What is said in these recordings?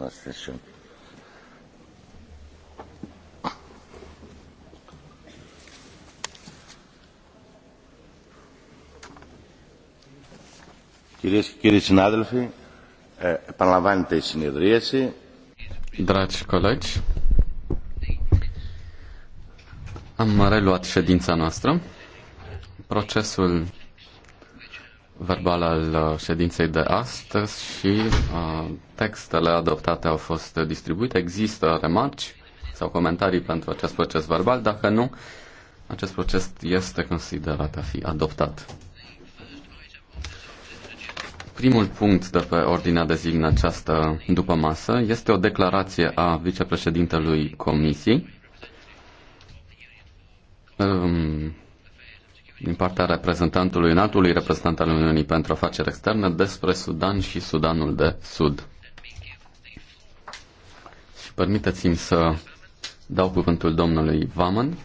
last session. Κυρίες και κύριοι συνάδελφοι, επαναλαμβάνεται η συνεδρίαση. Dragi colegi, am reluat ședința noastră. Procesul verbal al uh, ședinței de astăzi și uh, textele adoptate au fost distribuite. Există remarci sau comentarii pentru acest proces verbal. Dacă nu, acest proces este considerat a fi adoptat. Primul punct de pe ordinea de zi în această după masă este o declarație a vicepreședintelui Comisiei. Um, din partea reprezentantului înaltului reprezentant al Uniunii pentru afaceri externe despre Sudan și Sudanul de Sud. Și permiteți-mi să dau cuvântul domnului Vaman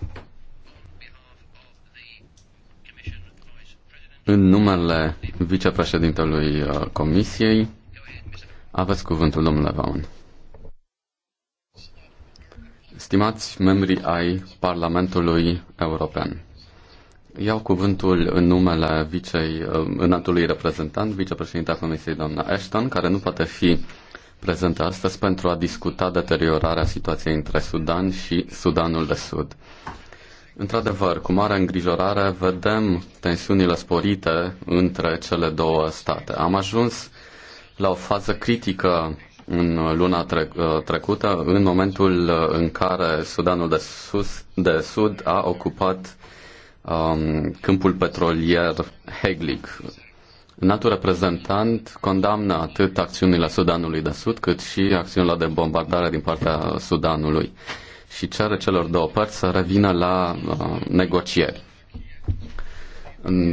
în numele vicepreședintelui uh, Comisiei. Aveți cuvântul, domnule Vaman. Stimați membrii ai Parlamentului European, Iau cuvântul în numele vicei, um, înaltului reprezentant, vicepreședinta Comisiei, doamna Ashton, care nu poate fi prezentă astăzi pentru a discuta deteriorarea situației între Sudan și Sudanul de Sud. Într-adevăr, cu mare îngrijorare vedem tensiunile sporite între cele două state. Am ajuns la o fază critică în luna uh, trecută, în momentul în care Sudanul de, Sus, de Sud a ocupat um, câmpul petrolier Heglig. NATO reprezentant condamnă atât acțiunile Sudanului de Sud, cât și acțiunile de bombardare din partea Sudanului și cere celor două părți să revină la uh, negocieri.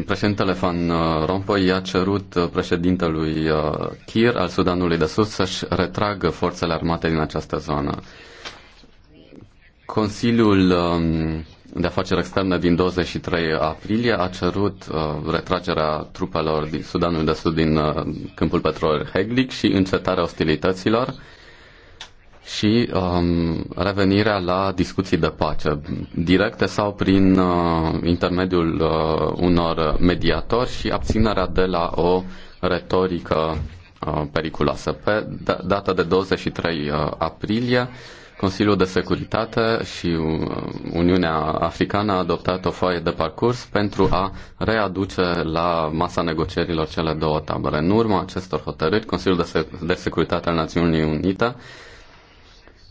Președintele Van uh, Rompuy a cerut uh, președintelui uh, Kir al Sudanului de Sud să-și retragă forțele armate din această zonă. Consiliul um, de afaceri externe din 23 aprilie a cerut uh, retragerea trupelor din Sudanul de Sud din uh, câmpul petrol Heglic și încetarea ostilităților și um, revenirea la discuții de pace, directe sau prin uh, intermediul uh, unor mediatori și abținerea de la o retorică uh, periculoasă. Pe da-, data de 23 uh, aprilie, uh, Consiliul de Securitate și uh, Uniunea Africană a adoptat o foaie de parcurs pentru a readuce la masa negocierilor cele două tabere. În urma acestor hotărâri, Consiliul de, de Securitate al Națiunii Unite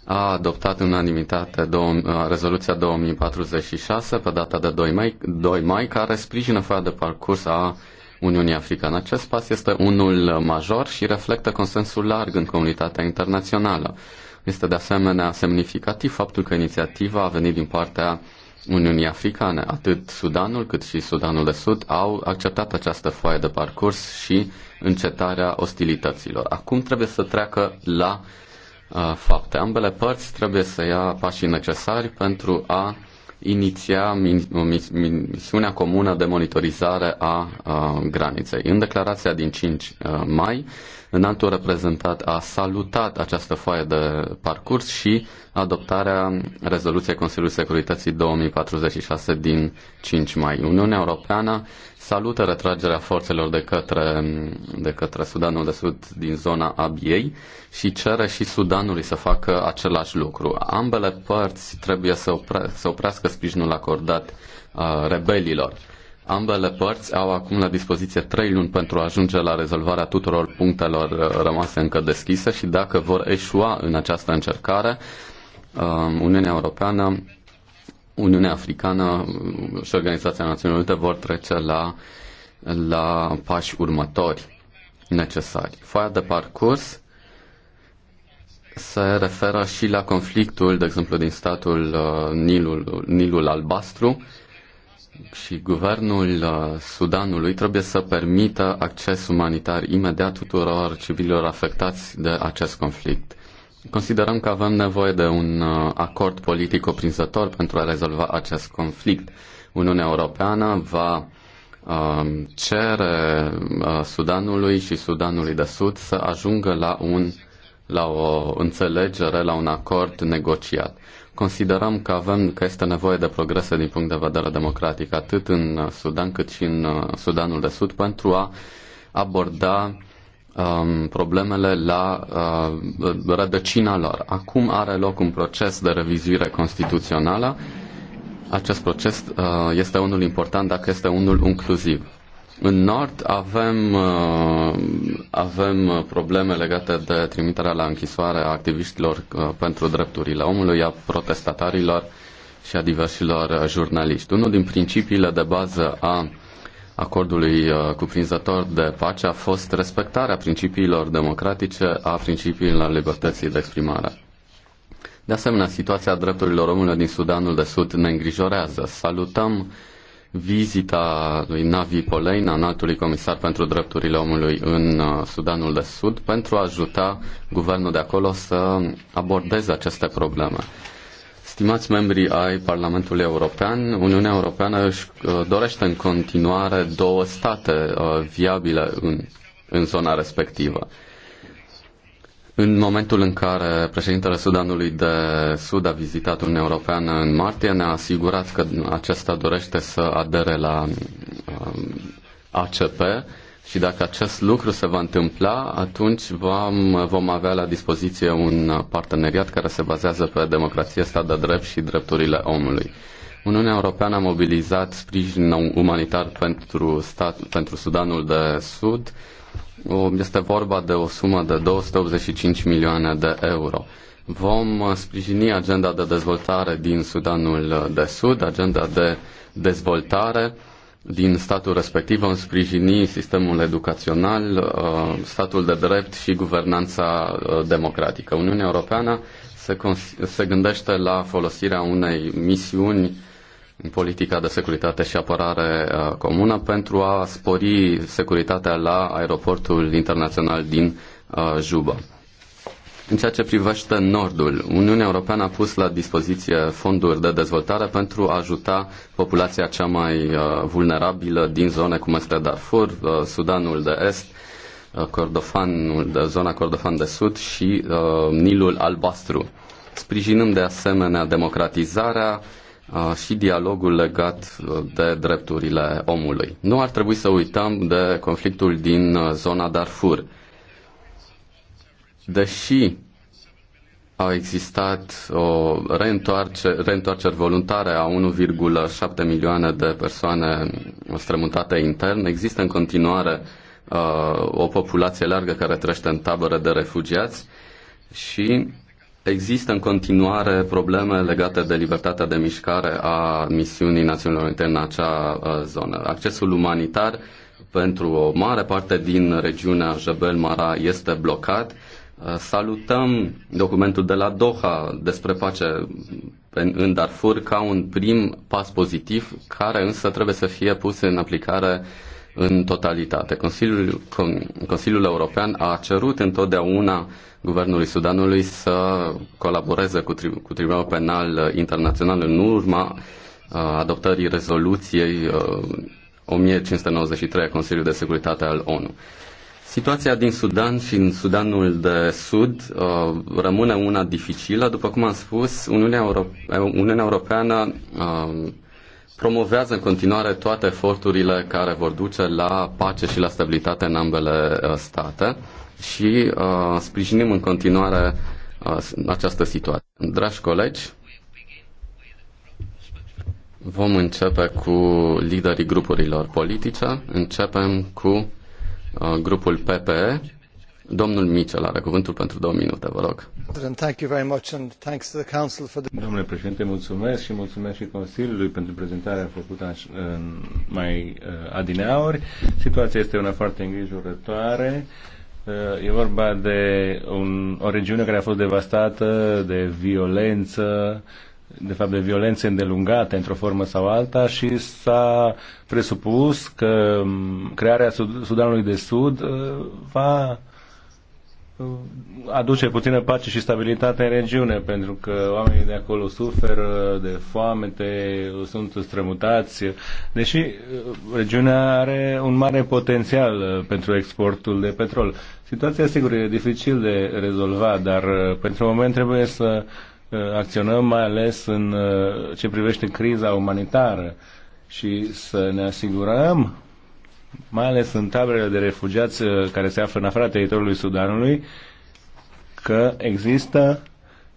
a adoptat în unanimitate dou- rezoluția 2046 pe data de 2 mai, 2 mai care sprijină foaia de parcurs a Uniunii Africane. Acest pas este unul major și reflectă consensul larg în comunitatea internațională. Este de asemenea semnificativ faptul că inițiativa a venit din partea Uniunii Africane. Atât Sudanul cât și Sudanul de Sud au acceptat această foaie de parcurs și încetarea ostilităților. Acum trebuie să treacă la uh, fapte. Ambele părți trebuie să ia pașii necesari pentru a iniția misiunea comună de monitorizare a, a uh, graniței. În declarația din 5 uh, mai, înaltul reprezentat a salutat această foaie de parcurs și adoptarea rezoluției Consiliului Securității 2046 din 5 mai. Uniunea Europeană salută retragerea forțelor de către, de către Sudanul de Sud din zona Abiei și cere și Sudanului să facă același lucru. Ambele părți trebuie să, opre, să oprească sprijinul acordat uh, rebelilor Ambele părți au acum la dispoziție trei luni pentru a ajunge la rezolvarea tuturor punctelor uh, rămase încă deschise și dacă vor eșua în această încercare, um, Uniunea Europeană, Uniunea Africană și Organizația Națiunilor Unite vor trece la, la pași următori necesari. Foaia de parcurs se referă și la conflictul, de exemplu, din statul uh, Nilul, Nilul Albastru, și guvernul uh, Sudanului trebuie să permită acces umanitar imediat tuturor civililor afectați de acest conflict. Considerăm că avem nevoie de un uh, acord politic oprinzător pentru a rezolva acest conflict. Uniunea Europeană va um, cere uh, Sudanului și Sudanului de Sud să ajungă la, un, la o înțelegere, la un acord negociat. Considerăm că avem că este nevoie de progrese din punct de vedere democratic atât în Sudan cât și în uh, Sudanul de Sud pentru a aborda um, problemele la uh, rădăcina lor. Acum are loc un proces de revizuire constituțională. Acest proces uh, este unul important dacă este unul inclusiv. În nord avem, uh, avem probleme legate de trimiterea la închisoare a activiștilor uh, pentru drepturile omului, a protestatarilor și a diversilor uh, jurnaliști. Unul din principiile de bază a acordului cuprinzător de pace a fost respectarea principiilor democratice, a principiilor libertății de exprimare. De asemenea, situația drepturilor omului din Sudanul de Sud ne îngrijorează. Salutăm uh, vizita lui Navi Polein, înaltului comisar pentru drepturile omului în uh, Sudanul de Sud, pentru a ajuta guvernul de acolo să abordeze aceste probleme. Stimați membri ai Parlamentului European, Uniunea Europeană își uh, dorește în continuare două state uh, viabile în, în zona respectivă. În momentul în care președintele Sudanului de Sud a vizitat Uniunea Europeană în martie, ne-a asigurat că acesta dorește să adere la um, ACP și dacă acest lucru se va întâmpla, atunci vom, vom avea la dispoziție un parteneriat care se bazează pe democrație, stat de drept și drepturile omului. Uniunea Europeană a mobilizat sprijin umanitar pentru, stat, pentru Sudanul de Sud este vorba de o sumă de 285 milioane de euro. Vom uh, sprijini agenda de dezvoltare din Sudanul uh, de Sud, agenda de dezvoltare din statul respectiv, vom sprijini sistemul educațional, uh, statul de drept și guvernanța democratică. Uniunea Europeană se, se gândește la folosirea unei misiuni în politica de securitate și apărare uh, comună pentru a spori securitatea la aeroportul internațional din uh, Juba. În ceea ce privește Nordul, Uniunea Europeană a pus la dispoziție fonduri de dezvoltare pentru a ajuta populația cea mai uh, vulnerabilă din zone cum este Darfur, Sudanul de Est, Cordofanul de zona Cordofan de Sud și Nilul Albastru. Sprijinând de asemenea democratizarea și dialogul legat de drepturile omului. Nu ar trebui să uităm de conflictul din zona Darfur. Deși au existat o reîntoarcere, reîntoarceri voluntare a 1,7 milioane de persoane strămutate intern. Există în continuare uh, o populație largă care trăiește în tabere de refugiați și Există în continuare probleme legate de libertatea de mișcare a misiunii Națiunilor Unite în acea uh, zonă. Accesul umanitar pentru o mare parte din regiunea Jebel Mara este blocat. Uh, salutăm documentul de la Doha despre pace în Darfur ca un prim pas pozitiv, care însă trebuie să fie pus în aplicare în totalitate. Consiliul, Consiliul European a cerut întotdeauna guvernului Sudanului să colaboreze cu, tri, cu Tribunalul Penal Internațional în urma uh, adoptării rezoluției 1593 uh, a Consiliului de Securitate al ONU. Situația din Sudan și în Sudanul de Sud uh, rămâne una dificilă. După cum am spus, Uniunea, Europe- Uniunea Europeană uh, promovează în continuare toate eforturile care vor duce la pace și la stabilitate în ambele uh, state și uh, sprijinim în continuare uh, această situație. Dragi colegi, vom începe cu liderii grupurilor politice. Începem cu uh, grupul PPE. Domnul Mitchell are cuvântul pentru două minute, vă rog. Domnule președinte, mulțumesc și mulțumesc și Consiliului pentru prezentarea făcută mai uh, adineauri. Situația este una foarte îngrijorătoare. Uh, e vorba de un, o regiune care a fost devastată de violență, de fapt de violențe îndelungate într-o formă sau alta și s-a presupus că um, crearea Sudanului de Sud uh, va aduce puțină pace și stabilitate în regiune, pentru că oamenii de acolo suferă de foamete, sunt strămutați, deși uh, regiunea are un mare potențial uh, pentru exportul de petrol. Situația, sigur, e dificil de rezolvat, dar uh, pentru moment trebuie să acționăm mai ales în ce privește criza umanitară și să ne asigurăm mai ales în taberele de refugiați uh, care se află în afara teritoriului Sudanului, că există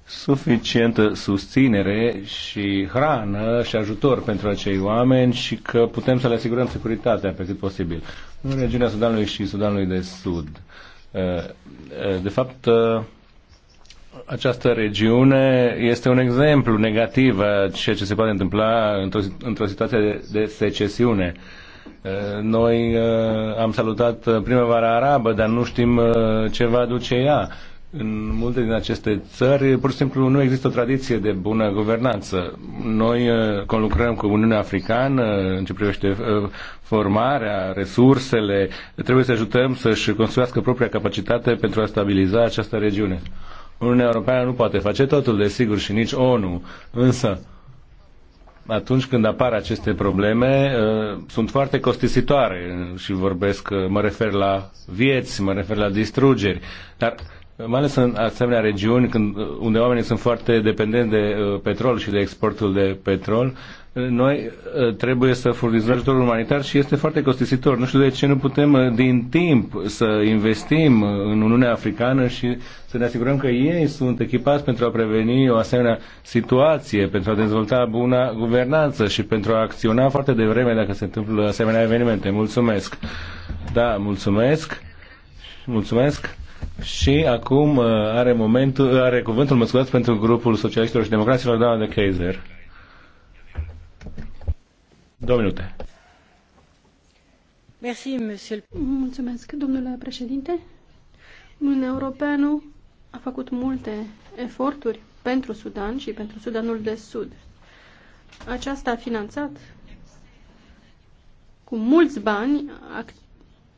suficientă susținere și hrană și ajutor pentru acei oameni și că putem să le asigurăm securitatea pe cât posibil. În regiunea Sudanului și Sudanului de Sud. Uh, uh, de fapt, această regiune este un exemplu negativ a ceea ce se poate întâmpla într-o, într situație de, de secesiune. Uh, Eh, noi eh, am salutat eh, primăvara arabă, dar nu știm ce va duce ea. În multe din aceste țări, pur și simplu, nu există o tradiție de bună guvernanță. Noi conlucrăm cu Uniunea Africană în ce privește formarea, resursele. Trebuie să ajutăm să-și construiască propria capacitate pentru a stabiliza această regiune. Uniunea Europeană nu poate face totul, desigur, și nici ONU. Însă, atunci când apar aceste probleme, uh, sunt foarte costisitoare și vorbesc, uh, mă refer la vieți, mă refer la distrugeri, dar uh, mai ales în asemenea regiuni când, unde oamenii sunt foarte dependenți de petrol și de exportul de petrol, noi uh, trebuie să furnizăm ajutor umanitar și este foarte costisitor. Nu știu de ce nu putem uh, din timp să investim uh, în Uniunea Africană și să ne asigurăm că ei sunt echipați pentru a preveni o asemenea situație, pentru a dezvolta buna guvernanță și pentru a acționa foarte devreme dacă se întâmplă asemenea evenimente. Mulțumesc! Da, mulțumesc! Mulțumesc! Și acum are, momentul, are cuvântul, mă scuzați, pentru grupul socialiștilor și democraților, doamna de Kaiser. Mulțumesc, domnule președinte. Uniunea Europeană a făcut multe eforturi pentru Sudan și pentru Sudanul de Sud. Aceasta a finanțat cu mulți bani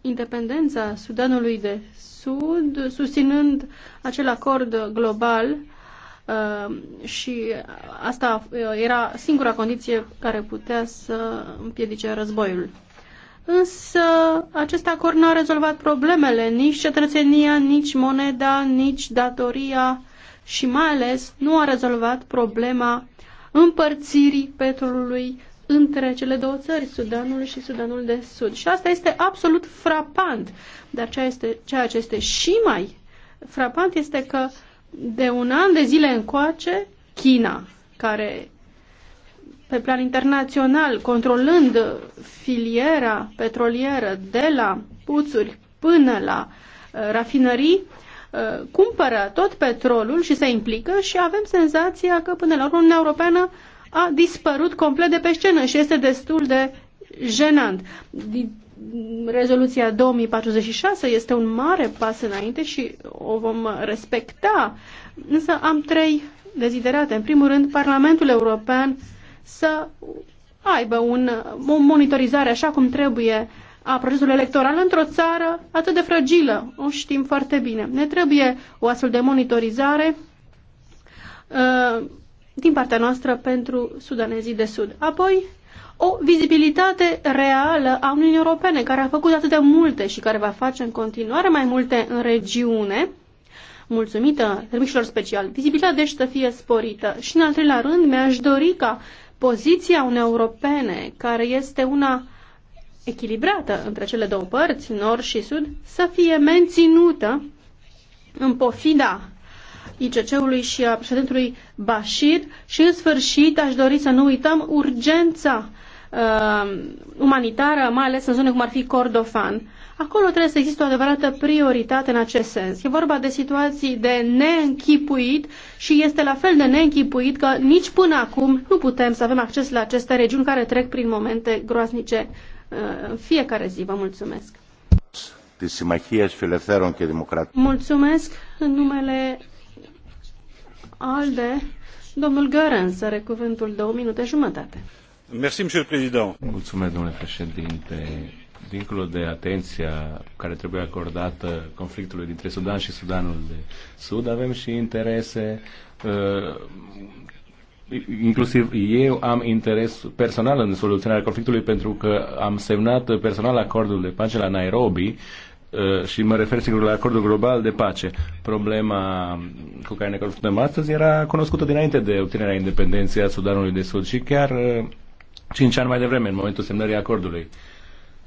independența Sudanului de Sud, susținând acel acord global Uh, și asta uh, era singura condiție care putea să împiedice războiul. Însă acest acord n-a rezolvat problemele, nici cetățenia, nici moneda, nici datoria și mai ales nu a rezolvat problema împărțirii petrolului între cele două țări, Sudanul și Sudanul de Sud. Și asta este absolut frapant. Dar ceea, este, ceea ce este și mai frapant este că uh, de un an de zile încoace, China, care pe plan internațional, controlând filiera petrolieră de la puțuri până la uh, rafinării, uh, cumpără tot petrolul și se implică și avem senzația că până la urmă Uniunea Europeană a dispărut complet de pe scenă și este destul de jenant. Din rezoluția 2046 este un mare pas înainte și o vom respecta. Însă am trei deziderate. În primul rând, Parlamentul European să aibă un, o monitorizare așa cum trebuie a procesului electoral într-o țară atât de fragilă. O știm foarte bine. Ne trebuie o astfel de monitorizare uh, din partea noastră pentru sudanezii de sud. Apoi, o vizibilitate reală a Uniunii Europene, care a făcut atât de multe și care va face în continuare mai multe în regiune, mulțumită serviciilor special. Vizibilitatea deci să fie sporită. Și în al treilea rând, mi-aș dori ca poziția Uniunii Europene, care este una echilibrată între cele două părți, nord și sud, să fie menținută în pofida ICC-ului și a președintelui Bashir și, în sfârșit, aș dori să nu uităm urgența uh, umanitară, mai ales în zone cum ar fi Cordofan. Acolo trebuie să existe o adevărată prioritate în acest sens. E vorba de situații de neînchipuit și este la fel de neînchipuit că nici până acum nu putem să avem acces la aceste regiuni care trec prin momente groaznice uh, în fiecare zi. Vă mulțumesc! Mulțumesc în numele ALDE, domnul Gărân, să are cuvântul două minute jumătate. Mersi, monsieur président. Mulțumesc, domnule președinte. Dincolo de atenția care trebuie acordată conflictului dintre Sudan și Sudanul de Sud, avem și interese uh, inclusiv eu am interes personal în soluționarea conflictului pentru că am semnat personal acordul de pace la Nairobi Eh, și mă refer sigur la acordul global de pace. Problema cu care ne confruntăm astăzi era cunoscută dinainte de obținerea independenței a Sudanului de Sud și chiar 5 eh, ani mai devreme, în momentul semnării acordului.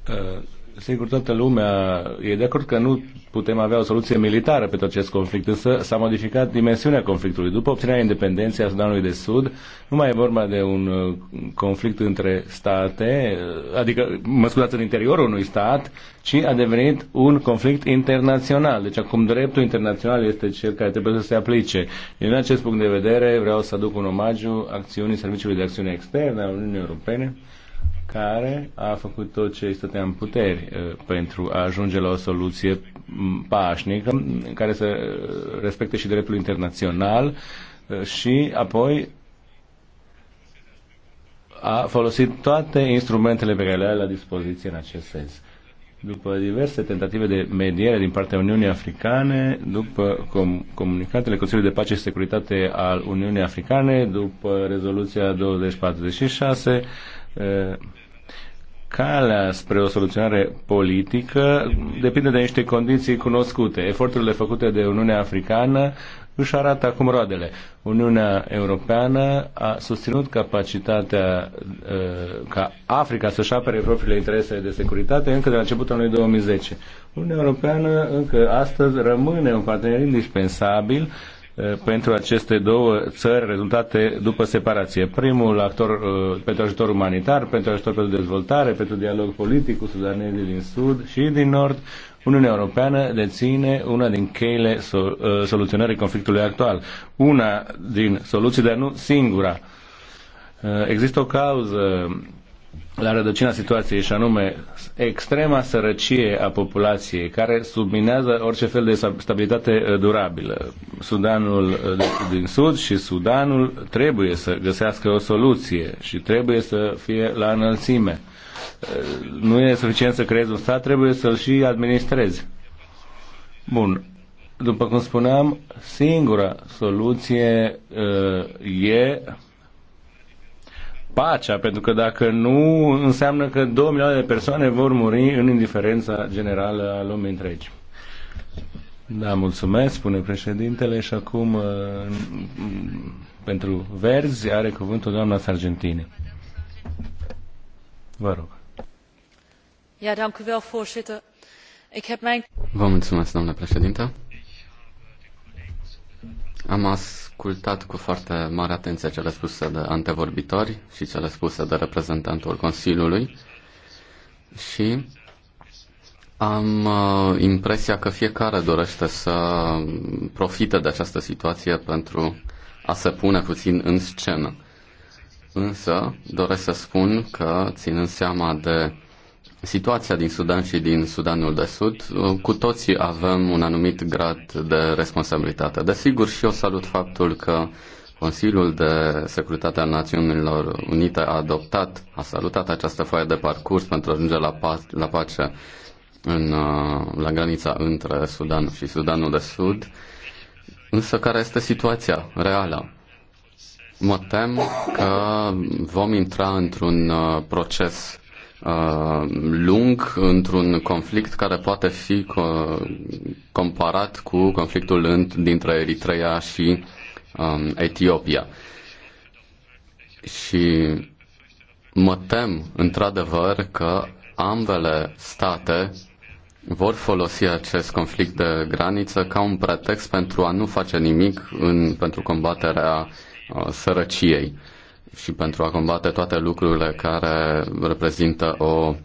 Eh, Sigur, toată lumea e de acord că nu putem avea o soluție militară pentru acest conflict, însă s-a modificat dimensiunea conflictului. După obținerea independenței a Sudanului de Sud, nu mai e vorba de un uh, conflict între state, uh, adică, mă scuzați, în interiorul unui stat, ci a devenit un conflict internațional. Deci acum dreptul internațional este cel care trebuie să se aplice. Din acest punct de vedere vreau să aduc un omagiu acțiunii Serviciului de Acțiune externe, a Uniunii Europene, care a făcut tot ce stătea în puteri uh, pentru a ajunge la o soluție mm, pașnică mm, care să uh, respecte și dreptul internațional uh, și apoi a folosit toate instrumentele pe care le are la dispoziție în acest sens. După diverse tentative de mediere din partea Uniunii Africane, după com- comunicatele Consiliului de Pace și Securitate al Uniunii Africane, după rezoluția 2046, calea spre o soluționare politică depinde de niște condiții cunoscute. Eforturile făcute de Uniunea Africană își arată acum roadele. Uniunea Europeană a susținut capacitatea ca Africa să-și apere propriile interese de securitate încă de la începutul anului 2010. Uniunea Europeană încă astăzi rămâne un partener indispensabil Uh, pentru aceste două țări rezultate după separație. Primul actor uh, pentru ajutor umanitar, pentru ajutor pentru dezvoltare, pentru dialog politic cu sudanezii din sud și din nord, Uniunea Europeană deține una din cheile uh, soluționării conflictului actual. Una din soluții, dar nu singura. Există o cauză la rădăcina situației și anume extrema sărăcie a populației care subminează orice fel de stabilitate uh, durabilă. Sudanul uh, din Sud și Sudanul trebuie să găsească o soluție și trebuie să fie la înălțime. Uh, nu e suficient să creezi un stat, trebuie să-l și administrezi. Bun, după cum spuneam, singura soluție uh, e pacea, pentru că dacă nu, înseamnă că 2 milioane de persoane vor muri în indiferența generală a lumii întregi. Da, mulțumesc, spune președintele și acum uh, pentru verzi are cuvântul doamna Sargentini. Vă rog. Ja, dank u wel, voorzitter. Ik heb mijn... Vă mulțumesc, doamna președinte. Am as ascultat cu foarte mare atenție cele spuse de antevorbitori și cele spuse de reprezentantul Consiliului și am uh, impresia că fiecare dorește să profite de această situație pentru a se pune puțin în scenă. Însă doresc să spun că, ținând seama de situația din Sudan și din Sudanul de Sud, cu toții avem un anumit grad de responsabilitate. Desigur, și eu salut faptul că Consiliul de Securitate al Națiunilor Unite a adoptat, a salutat această foaie de parcurs pentru a ajunge la, pa- la pace în, uh, la granița între Sudan și Sudanul de Sud. Însă care este situația reală? Mă tem că vom intra într-un uh, proces Uh, lung într-un conflict care poate fi uh, comparat cu conflictul dintre Eritrea și um, Etiopia. Și mă tem, într-adevăr, că ambele state vor folosi acest conflict de graniță ca un pretext pentru a nu face nimic în, pentru combaterea uh, sărăciei și pentru a combate toate lucrurile care reprezintă o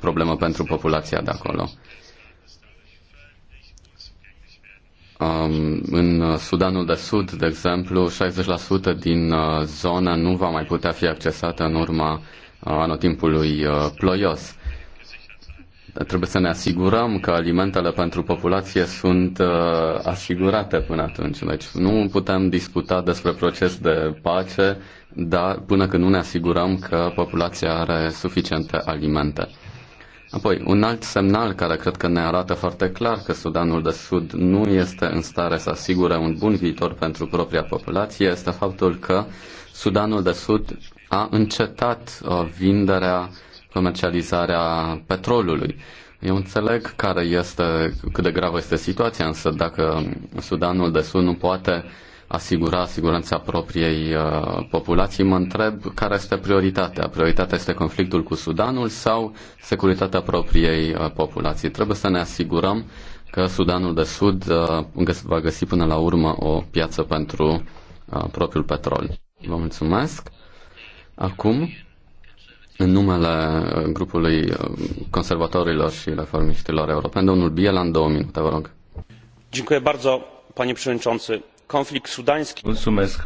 problemă pentru populația de acolo. În Sudanul de Sud, de exemplu, 60% din uh, zonă nu va mai putea fi accesată în urma uh, anotimpului uh, ploios. Trebuie să ne asigurăm că alimentele pentru populație sunt asigurate până atunci. Deci nu putem discuta despre proces de pace dar până când nu ne asigurăm că populația are suficiente alimente. Apoi, un alt semnal care cred că ne arată foarte clar că Sudanul de Sud nu este în stare să asigure un bun viitor pentru propria populație este faptul că Sudanul de Sud a încetat uh, vinderea, comercializarea petrolului. Eu înțeleg care este, cât de gravă este situația, însă dacă Sudanul de Sud nu poate uh, asigura siguranța propriei uh, populații, mă întreb care este prioritatea. Prioritatea este conflictul cu Sudanul sau securitatea propriei uh, populații? Trebuie să ne asigurăm că Sudanul de Sud uh, va găsi până la urmă o piață pentru uh, propriul petrol. Vă mulțumesc. Acum, în numele uh, grupului uh, conservatorilor și reformiștilor europeni, domnul Bielan, două minute, vă rog. Dziękuję bardzo, panie przewodniczący conflict sudanesc. Mulțumesc,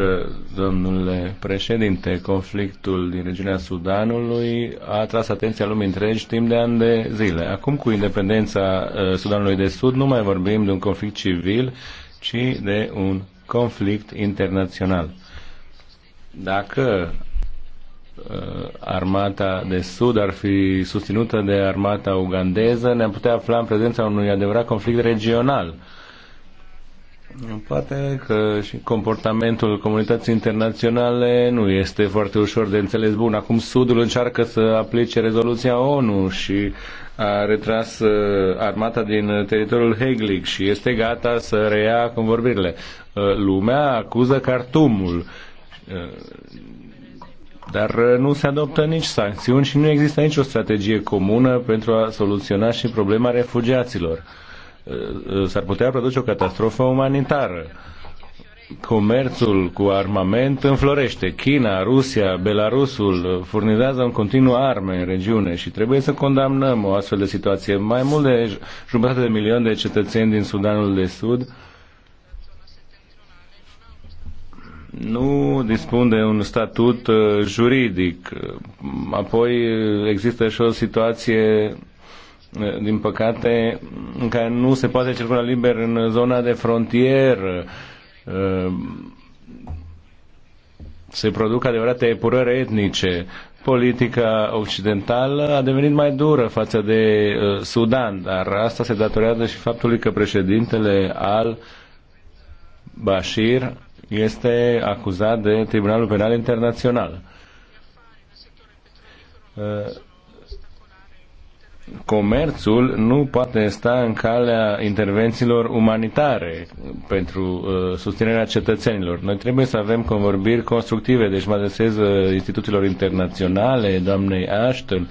domnule președinte. Conflictul din regiunea Sudanului a atras atenția lumii întregi timp de ani de zile. Acum, cu independența uh, Sudanului de Sud, nu mai vorbim de un conflict civil, ci de un conflict internațional. Dacă uh, armata de sud ar fi susținută de armata ugandeză, ne-am putea afla în prezența unui adevărat conflict regional Poate că și comportamentul comunității internaționale nu este foarte ușor de înțeles bun. Acum Sudul încearcă să aplice rezoluția ONU și a retras uh, armata din teritoriul Heglig și este gata să reia convorbirile. Uh, lumea acuză Cartumul, uh, dar nu se adoptă nici sancțiuni și nu există nicio strategie comună pentru a soluționa și problema refugiaților Uh, s-ar putea produce o catastrofă umanitară. Comerțul cu armament înflorește. China, Rusia, Belarusul furnizează în continuu arme în regiune și trebuie să condamnăm o astfel de situație. Mai mult de jumătate de milion de cetățeni din Sudanul de Sud nu dispun de un statut uh, juridic. Apoi uh, există și o situație din păcate, în care nu se poate circula liber în zona de frontieră. Uh, se produc adevărate epurări etnice. Politica occidentală a devenit mai dură față de uh, Sudan, dar asta se datorează și faptului că președintele al Bashir este acuzat de Tribunalul Penal Internațional uh, comerțul nu poate sta în calea intervențiilor umanitare pentru uh, susținerea cetățenilor. Noi trebuie să avem convorbiri constructive, deci mă adresez uh, instituțiilor internaționale, doamnei Ashton,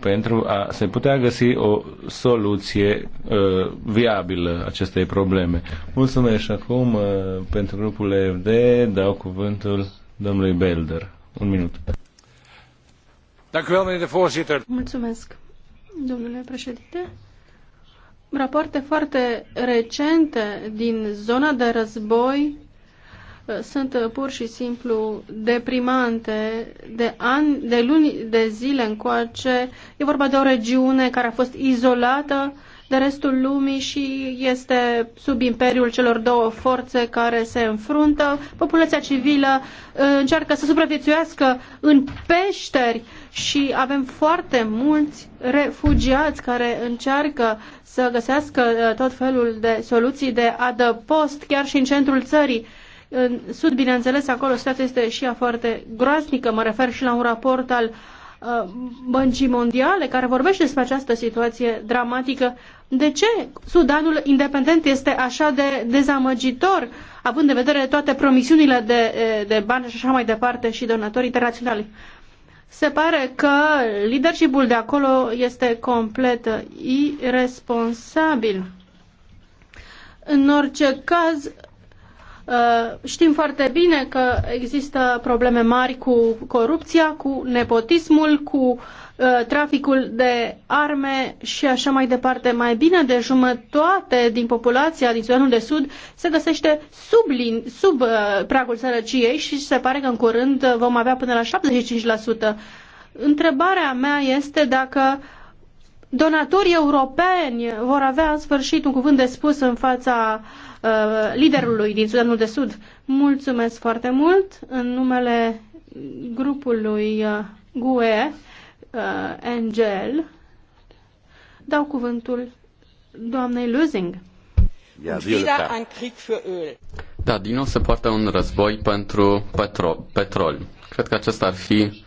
pentru a se putea găsi o soluție uh, viabilă acestei probleme. Mulțumesc și acum uh, pentru grupul EFD dau cuvântul domnului Belder. Un minut. Mulțumesc domnule președinte. Rapoarte foarte recente din zona de război uh, sunt uh, pur și simplu deprimante de ani, de luni, de zile încoace. E vorba de o regiune care a fost izolată de restul lumii și este sub imperiul celor două forțe care se înfruntă. Populația civilă uh, încearcă să supraviețuiască în peșteri și avem foarte mulți refugiați care încearcă să găsească uh, tot felul de soluții de adăpost chiar și în centrul țării. În sud, bineînțeles, acolo situația este și ea foarte groaznică. Mă refer și la un raport al uh, Băncii Mondiale care vorbește despre această situație dramatică. De ce Sudanul independent este așa de dezamăgitor, având în vedere toate promisiunile de, uh, de bani și așa mai departe și donatorii internaționali? Se pare că leadershipul de acolo este complet irresponsabil. În orice caz, uh, știm foarte bine că există probleme mari cu corupția, cu nepotismul, cu uh, Uh, traficul de arme și așa mai departe. Mai bine de jumătate din populația din Sudanul de Sud se găsește sub, lin, sub uh, pragul sărăciei și se pare că în curând vom avea până la 75%. Întrebarea mea este dacă donatorii europeni vor avea în sfârșit un cuvânt de spus în fața uh, liderului din Sudanul de Sud. Mulțumesc foarte mult în numele grupului uh, GUE uh, Angel, dau cuvântul doamnei Lusing. Da, da, din nou se poartă un război pentru petro- petrol. Cred că acesta ar fi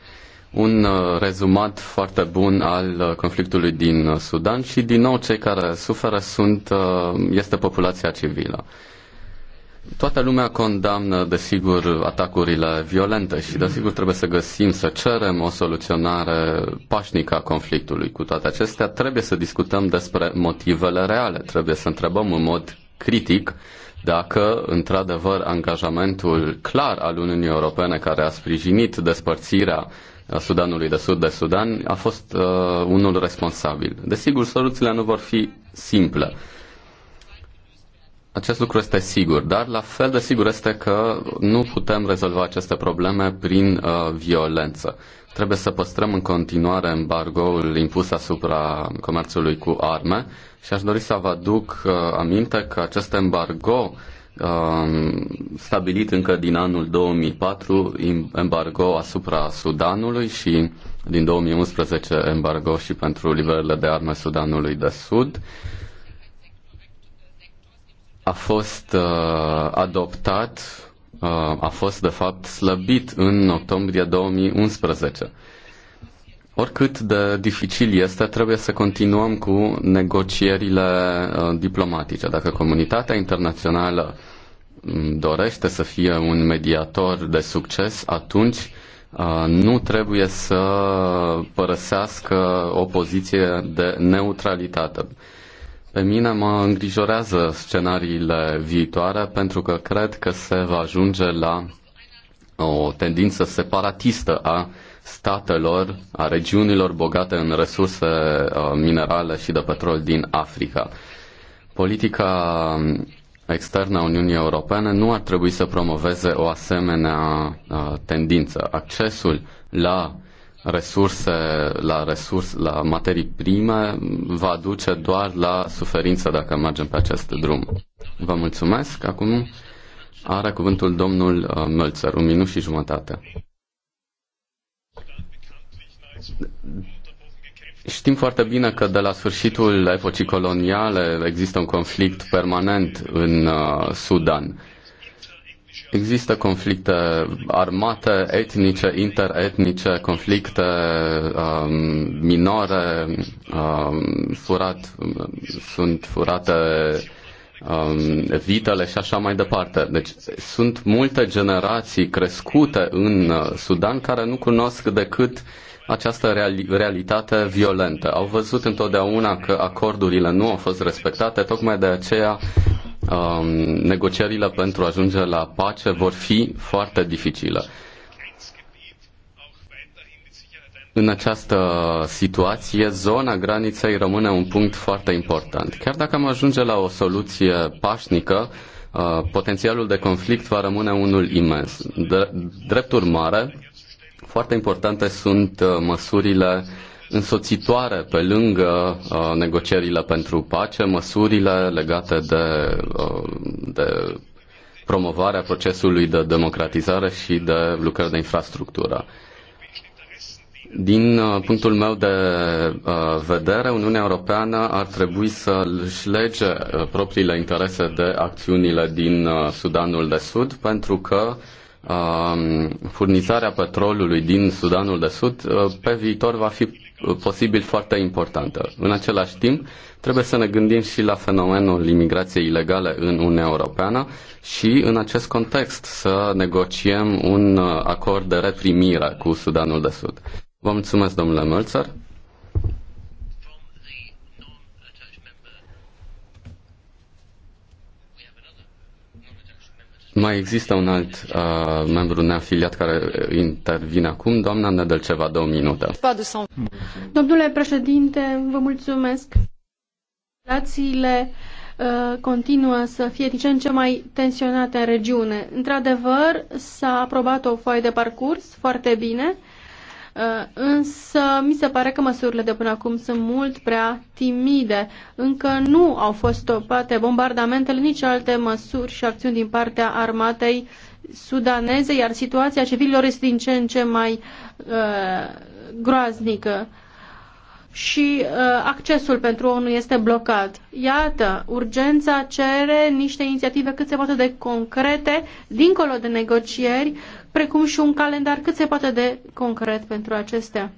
un uh, rezumat foarte bun al uh, conflictului din uh, Sudan și din nou cei care suferă sunt, este populația civilă. Toată lumea condamnă, desigur, atacurile violente și, desigur, trebuie să găsim, să cerem o soluționare pașnică a conflictului. Cu toate acestea, trebuie să discutăm despre motivele reale, trebuie să întrebăm în mod critic dacă, într-adevăr, angajamentul clar al Uniunii Europene care a sprijinit despărțirea Sudanului de Sud de Sudan a fost uh, unul responsabil. Desigur, soluțiile nu vor fi simple acest lucru este sigur, dar la fel de sigur este că nu putem rezolva aceste probleme prin uh, violență. Trebuie să păstrăm în continuare embargoul impus asupra comerțului cu arme și aș dori să vă aduc uh, aminte că acest embargo uh, stabilit încă din anul 2004, embargo asupra Sudanului și din 2011 embargo și pentru livrările de arme Sudanului de Sud, uh, a fost uh, adoptat, uh, a fost de fapt slăbit în octombrie 2011. Oricât de dificil este, trebuie să continuăm cu negocierile uh, diplomatice. Dacă comunitatea internațională mm, dorește să fie un mediator de succes, atunci uh, nu trebuie să părăsească o poziție de neutralitate pe mine mă îngrijorează scenariile viitoare pentru că cred că se va ajunge la o tendință separatistă a statelor, a regiunilor bogate în resurse uh, minerale și de petrol din Africa. Politica externă a Uniunii Europene nu ar trebui să promoveze o asemenea uh, tendință. Accesul la resurse, la resurse, la materii prime, va duce doar la suferință dacă mergem pe acest drum. Vă mulțumesc. Acum are cuvântul domnul uh, Mölzer, un minut și jumătate. Știm foarte bine că de la sfârșitul epocii coloniale există un conflict permanent în uh, Sudan Există conflicte armate, etnice, interetnice, conflicte um, minore, um, furat, sunt furate um, vitele și așa mai departe. Deci sunt multe generații crescute în Sudan care nu cunosc decât această reali- realitate violentă. Au văzut întotdeauna că acordurile nu au fost respectate, tocmai de aceea Um, negocierile pentru a ajunge la pace vor fi foarte dificile. În această situație, zona graniței rămâne un punct foarte important. Chiar dacă am ajunge la o soluție pașnică, uh, potențialul de conflict va rămâne unul imens. Drept urmare, foarte importante sunt uh, măsurile uh, însoțitoare pe lângă uh, negocierile pentru pace, măsurile legate de, uh, de promovarea procesului de democratizare și de lucrări de infrastructură. Din uh, punctul meu de uh, vedere, Uniunea Europeană ar trebui să își lege uh, propriile interese de acțiunile din Sudanul de Sud, pentru că um, furnizarea petrolului din Sudanul de Sud pe viitor va fi posibil foarte importantă. În același timp, trebuie să ne gândim și la fenomenul imigrației ilegale în Uniunea Europeană și în acest context să negociem un uh, acord de reprimire cu Sudanul de Sud. Vă mulțumesc, domnule Mölzer. Mai există un alt uh, membru neafiliat care uh, intervine acum, doamna Nedelceva, două minute. Domnule președinte, vă mulțumesc. Relațiile uh, continuă să fie din ce în ce mai tensionate în regiune. Într-adevăr, s-a aprobat o foaie de parcurs foarte bine Uh, însă mi se pare că măsurile de până acum sunt mult prea timide. Încă nu au fost stopate bombardamentele, nici alte măsuri și acțiuni din partea armatei sudaneze, iar situația civililor este din ce în ce mai uh, groaznică și uh, accesul pentru ONU este blocat. Iată, urgența cere niște inițiative cât se poate de concrete, dincolo de negocieri precum și un calendar cât se poate de concret pentru acestea.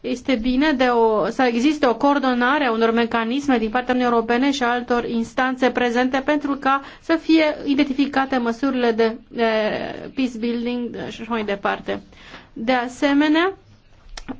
Este bine de o, să existe o coordonare a unor mecanisme din partea Uniunii Europene și a altor instanțe prezente pentru ca să fie identificate măsurile de, de peace building și așa mai departe. De asemenea,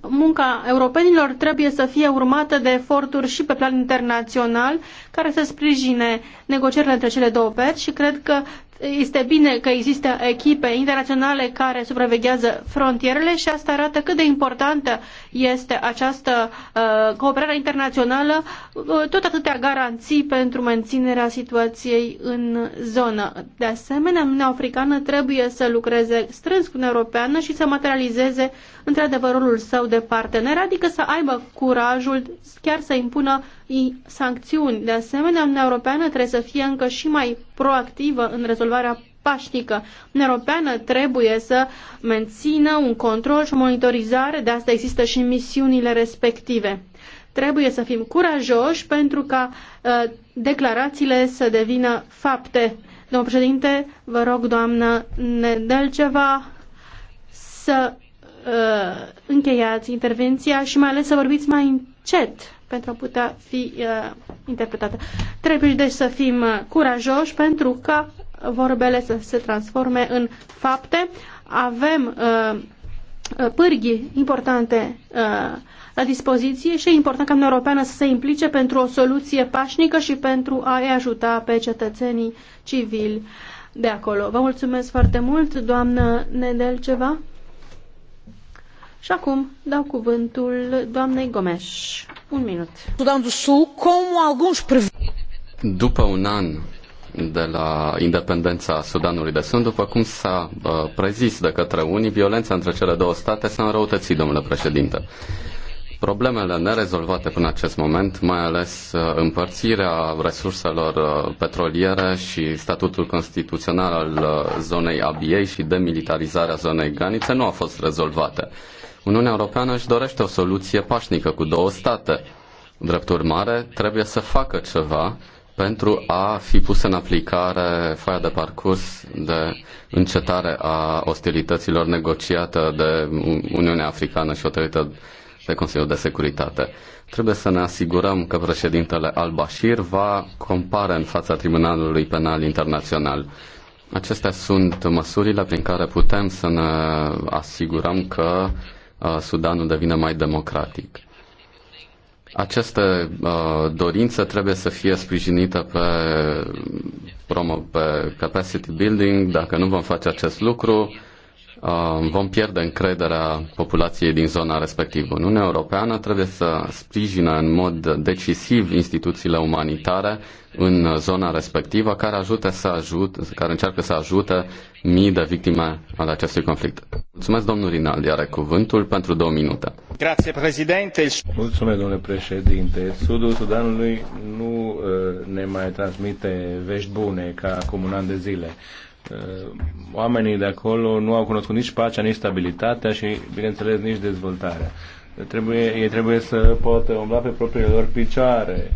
munca europenilor trebuie să fie urmată de eforturi și pe plan internațional care să sprijine negocierile între cele două părți și cred că este bine că există echipe internaționale care supraveghează frontierele și asta arată cât de importantă este această uh, cooperare internațională, uh, tot atâtea garanții pentru menținerea situației în zonă. De asemenea, Uniunea Africană trebuie să lucreze strâns cu Uniunea Europeană și să materializeze într-adevăr rolul său de partener, adică să aibă curajul chiar să impună sancțiuni. De asemenea, Uniunea Europeană trebuie să fie încă și mai proactivă în rezolvarea pașnică. Uniunea Europeană trebuie să mențină un control și o monitorizare, de asta există și misiunile respective. Trebuie să fim curajoși pentru ca uh, declarațiile să devină fapte. Domnul președinte, vă rog, doamnă Nedelceva, să uh, încheiați intervenția și mai ales să vorbiți mai încet pentru a putea fi uh, interpretată. Trebuie deci să fim uh, curajoși pentru ca vorbele să se transforme în fapte. Avem uh, uh, pârghii importante uh, la dispoziție și e important ca Uniunea Europeană să se implice pentru o soluție pașnică și pentru a-i ajuta pe cetățenii civili de acolo. Vă mulțumesc foarte mult, doamnă Nedel, ceva? Și acum dau cuvântul doamnei Gomes. Un minut. după un an de la independența Sudanului de Sud, după cum s-a uh, prezis de către unii, violența între cele două state s-a înrăutățit, domnule președinte. Problemele nerezolvate până acest moment, mai ales uh, împărțirea resurselor uh, petroliere și statutul constituțional al uh, zonei ABA și demilitarizarea zonei granițe, nu au fost rezolvate. Uniunea Europeană își dorește o soluție pașnică cu două state. Drept urmare, trebuie să facă ceva pentru a fi pus în aplicare foaia de parcurs de încetare a ostilităților negociată de Uniunea Africană și autorită de Consiliul de Securitate. Trebuie să ne asigurăm că președintele al-Bashir va compare în fața Tribunalului Penal Internațional. Acestea sunt măsurile prin care putem să ne asigurăm că uh, Sudanul devine mai democratic. Această uh, dorință trebuie să fie sprijinită pe, promo, pe capacity building. Dacă nu vom face acest lucru, Uh, vom pierde încrederea populației din zona respectivă. Uniunea Europeană trebuie să sprijină în mod decisiv instituțiile umanitare în zona respectivă care ajută să ajute, care încearcă să ajute mii de victime ale acestui conflict. Mulțumesc, domnul Rinaldi, are cuvântul pentru două minute. Grazie, președinte. Mulțumesc, domnule președinte. Sudul Sudanului nu uh, ne mai transmite vești bune ca acum un an de zile. Uh, oamenii de acolo nu au cunoscut nici pacea, nici stabilitatea și, bineînțeles, nici dezvoltarea. Trebuie, ei trebuie să poată umbla pe propriile lor picioare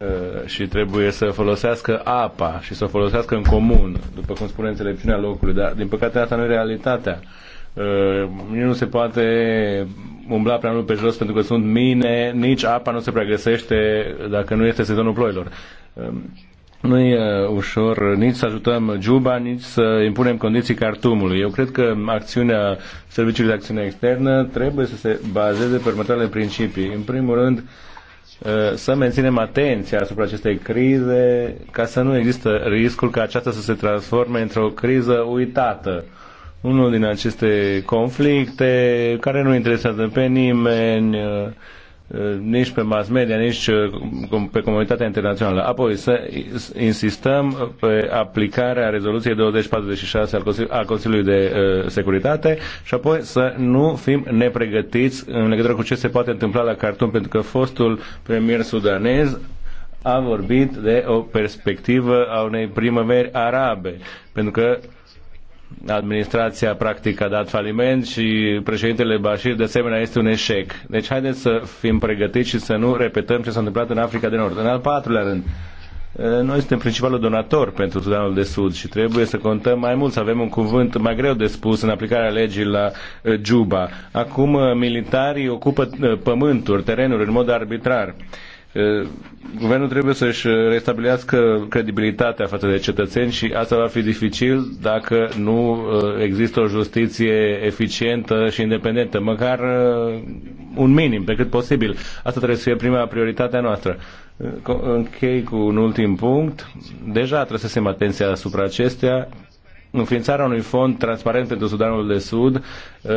uh, și trebuie să folosească apa și să o folosească în comun, după cum spune înțelepciunea locului, dar din păcate asta nu e realitatea. Nici uh, nu se poate umbla prea mult pe jos pentru că sunt mine, nici apa nu se pregăsește dacă nu este sezonul ploilor nu e uh, ușor nici să ajutăm Juba, nici să impunem condiții cartumului. Eu cred că acțiunea Serviciului de Acțiune Externă trebuie să se bazeze pe următoarele principii. În primul rând, uh, să menținem atenția asupra acestei crize ca să nu există riscul ca aceasta să se transforme într-o criză uitată. Unul din aceste conflicte care nu interesează pe nimeni, uh, Uh, nici pe mass media, nici uh, pe comunitatea internațională. Apoi să insistăm pe aplicarea rezoluției 2046 al Consiliului, al Consiliului de uh, Securitate și apoi să nu fim nepregătiți în legătură cu ce se poate întâmpla la Khartoum, pentru că fostul premier sudanez a vorbit de o perspectivă a unei primăveri arabe, pentru că administrația practic a dat faliment și președintele Bashir de asemenea este un eșec. Deci haideți să fim pregătiți și să nu repetăm ce s-a întâmplat în Africa de Nord. În al patrulea rând, noi suntem principalul donator pentru Sudanul de Sud și trebuie să contăm mai mult, să avem un cuvânt mai greu de spus în aplicarea legii la eh, Juba. Acum eh, militarii ocupă eh, pământuri, terenuri în mod arbitrar Guvernul trebuie să-și restabilească credibilitatea față de cetățeni și asta va fi dificil dacă nu există o justiție eficientă și independentă, măcar un minim, pe cât posibil. Asta trebuie să fie prima prioritate a noastră. Închei cu un ultim punct. Deja trăsesem atenția asupra acestea înființarea unui fond transparent pentru Sudanul de Sud uh,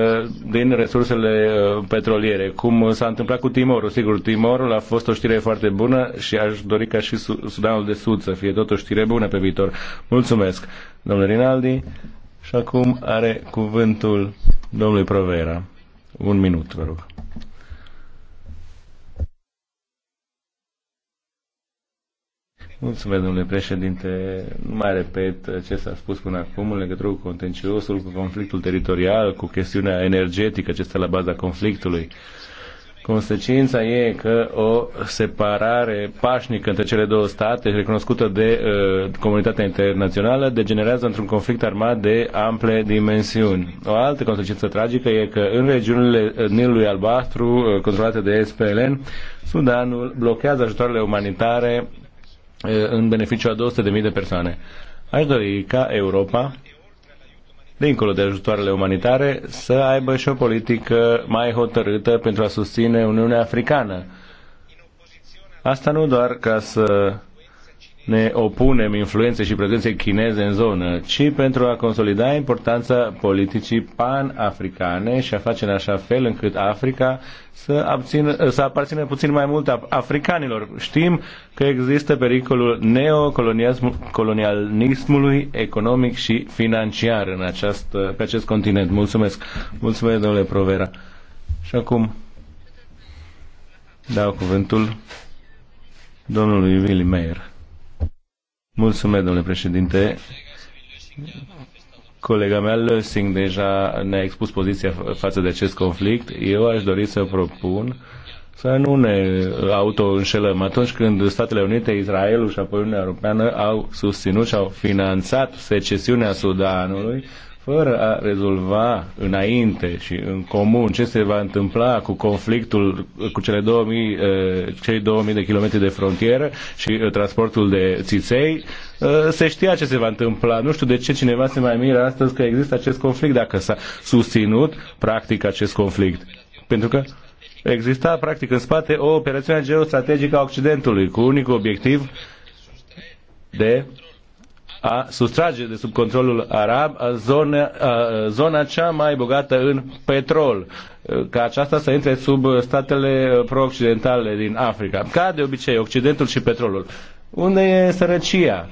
din resursele uh, petroliere, cum s-a întâmplat cu Timorul. Sigur, Timorul a fost o știre foarte bună și aș dori ca și Sudanul de Sud să fie tot o știre bună pe viitor. Mulțumesc, domnule Rinaldi. Și acum are cuvântul domnului Provera. Un minut, vă rog. Mulțumesc, domnule președinte. Nu mai repet ce s-a spus până acum în legătură cu contenciosul, cu conflictul teritorial, cu chestiunea energetică ce stă la baza conflictului. Consecința e că o separare pașnică între cele două state, recunoscută de uh, comunitatea internațională, degenerează într-un conflict armat de ample dimensiuni. O altă consecință tragică e că în regiunile uh, Nilului Albastru, uh, controlate de SPLN, Sudanul blochează ajutoarele umanitare în beneficiu a 200.000 de persoane. Aș dori ca Europa, dincolo de ajutoarele umanitare, să aibă și o politică mai hotărâtă pentru a susține Uniunea Africană. Asta nu doar ca să ne opunem influenței și prezenței chineze în zonă, ci pentru a consolida importanța politicii pan-africane și a face în așa fel încât Africa să, abțină, să aparțină puțin mai mult africanilor. Știm că există pericolul neocolonialismului economic și financiar în acest pe acest continent. Mulțumesc! Mulțumesc, domnule Provera! Și acum dau cuvântul domnului Willy Meyer. Mulțumesc, domnule președinte. Colega mea Lăsing, deja ne-a expus poziția față de acest conflict. Eu aș dori să propun să nu ne auto-înșelăm. Atunci când Statele Unite, Israelul și apoi Uniunea Europeană au susținut și au finanțat secesiunea Sudanului, fără a rezolva înainte și în comun ce se va întâmpla cu conflictul cu cele 2000, eh, cei 2000 de kilometri de frontieră și eh, transportul de țiței, eh, se știa ce se va întâmpla. Nu știu de ce cineva se mai miră astăzi că există acest conflict, dacă s-a susținut practic acest conflict. Pentru că exista practic în spate o operațiune geostrategică a Occidentului cu unic obiectiv de a sustrage de sub controlul arab zona, zona cea mai bogată în petrol, ca aceasta să intre sub statele pro-occidentale din Africa. Ca de obicei, Occidentul și petrolul. Unde e sărăcia?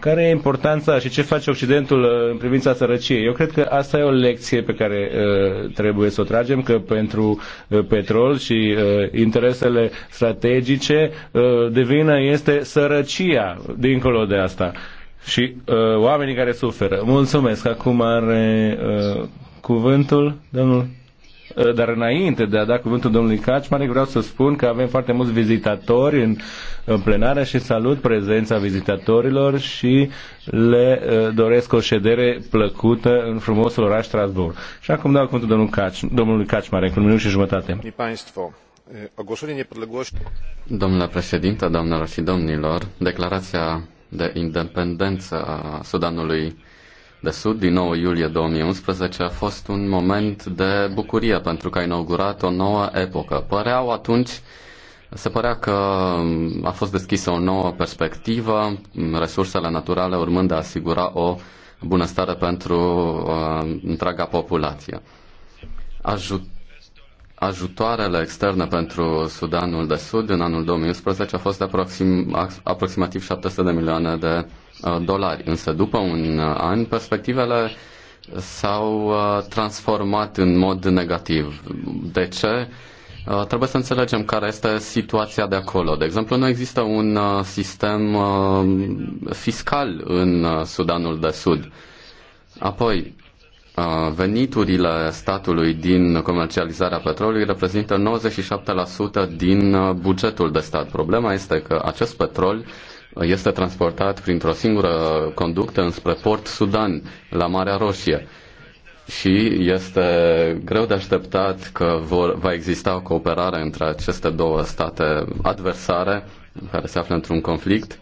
Care e importanța și ce face Occidentul uh, în privința sărăciei? Eu cred că asta e o lecție pe care uh, trebuie să o tragem, că pentru uh, petrol și uh, interesele strategice uh, devină este sărăcia dincolo de asta. Uh, și uh, oamenii care suferă. Mulțumesc. Acum are uh, cuvântul domnul uh, dar înainte de a da cuvântul domnului Cacimarec, vreau să spun că avem foarte mulți vizitatori în, în plenară și salut prezența vizitatorilor și le uh, doresc o ședere plăcută în frumosul oraș Strasbourg. Și acum dau cuvântul domnul Caci, domnului cu un minut și jumătate. Domnule președinte, doamnelor și domnilor, declarația de independență a Sudanului de Sud din 9 iulie 2011 a fost un moment de bucurie pentru că a inaugurat o nouă epocă. Păreau atunci se părea că a fost deschisă o nouă perspectivă, resursele naturale urmând de a asigura o bunăstare pentru uh, întreaga populație. Ajut, ajutoarele externe pentru Sudanul de Sud în anul 2011 a fost de aproxim, aproximativ 700 de milioane de uh, dolari. Însă după un an, perspectivele s-au uh, transformat în mod negativ. De ce? Uh, trebuie să înțelegem care este situația de acolo. De exemplu, nu există un sistem fiscal în Sudanul de Sud. Apoi, veniturile statului din comercializarea petrolului reprezintă 97% din uh, bugetul de stat. Problema este că acest petrol uh, este transportat printr-o singură conductă înspre Port Sudan, la Marea Roșie. Și este greu de așteptat că vor, va exista o cooperare între aceste două state adversare care se află într-un conflict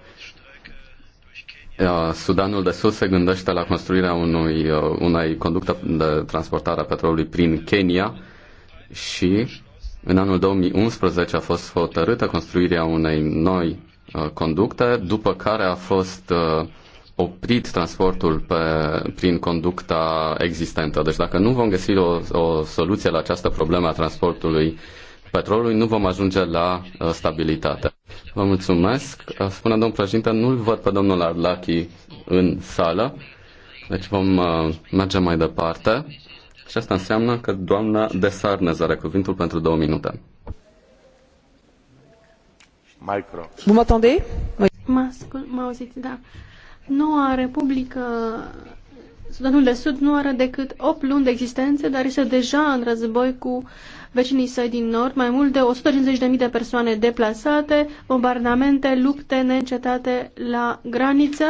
Uh, Sudanul de Sud se gândește la construirea unui, uh, unei conducte de transportare a petrolului prin Kenya și în anul 2011 a fost hotărâtă construirea unei noi uh, conducte, după care a fost oprit transportul pe, prin conducta existentă. Deci dacă nu vom găsi o, o soluție la această problemă a transportului uh, petrolului, nu vom ajunge la uh, stabilitate. Vă mulțumesc. Uh, spune domnul președinte, nu-l văd pe domnul Arlachi în sală, deci vom uh, merge mai departe. Și asta înseamnă că doamna Desarnez are cuvintul pentru două minute. Micro. Vous m'entendez? Oui. Mă auziți, da. Noua Republică Sudanul de Sud nu are decât 8 luni de existență, dar este deja în război cu vecinii săi din nord, mai mult de 150.000 de persoane deplasate, bombardamente, lupte neîncetate la graniță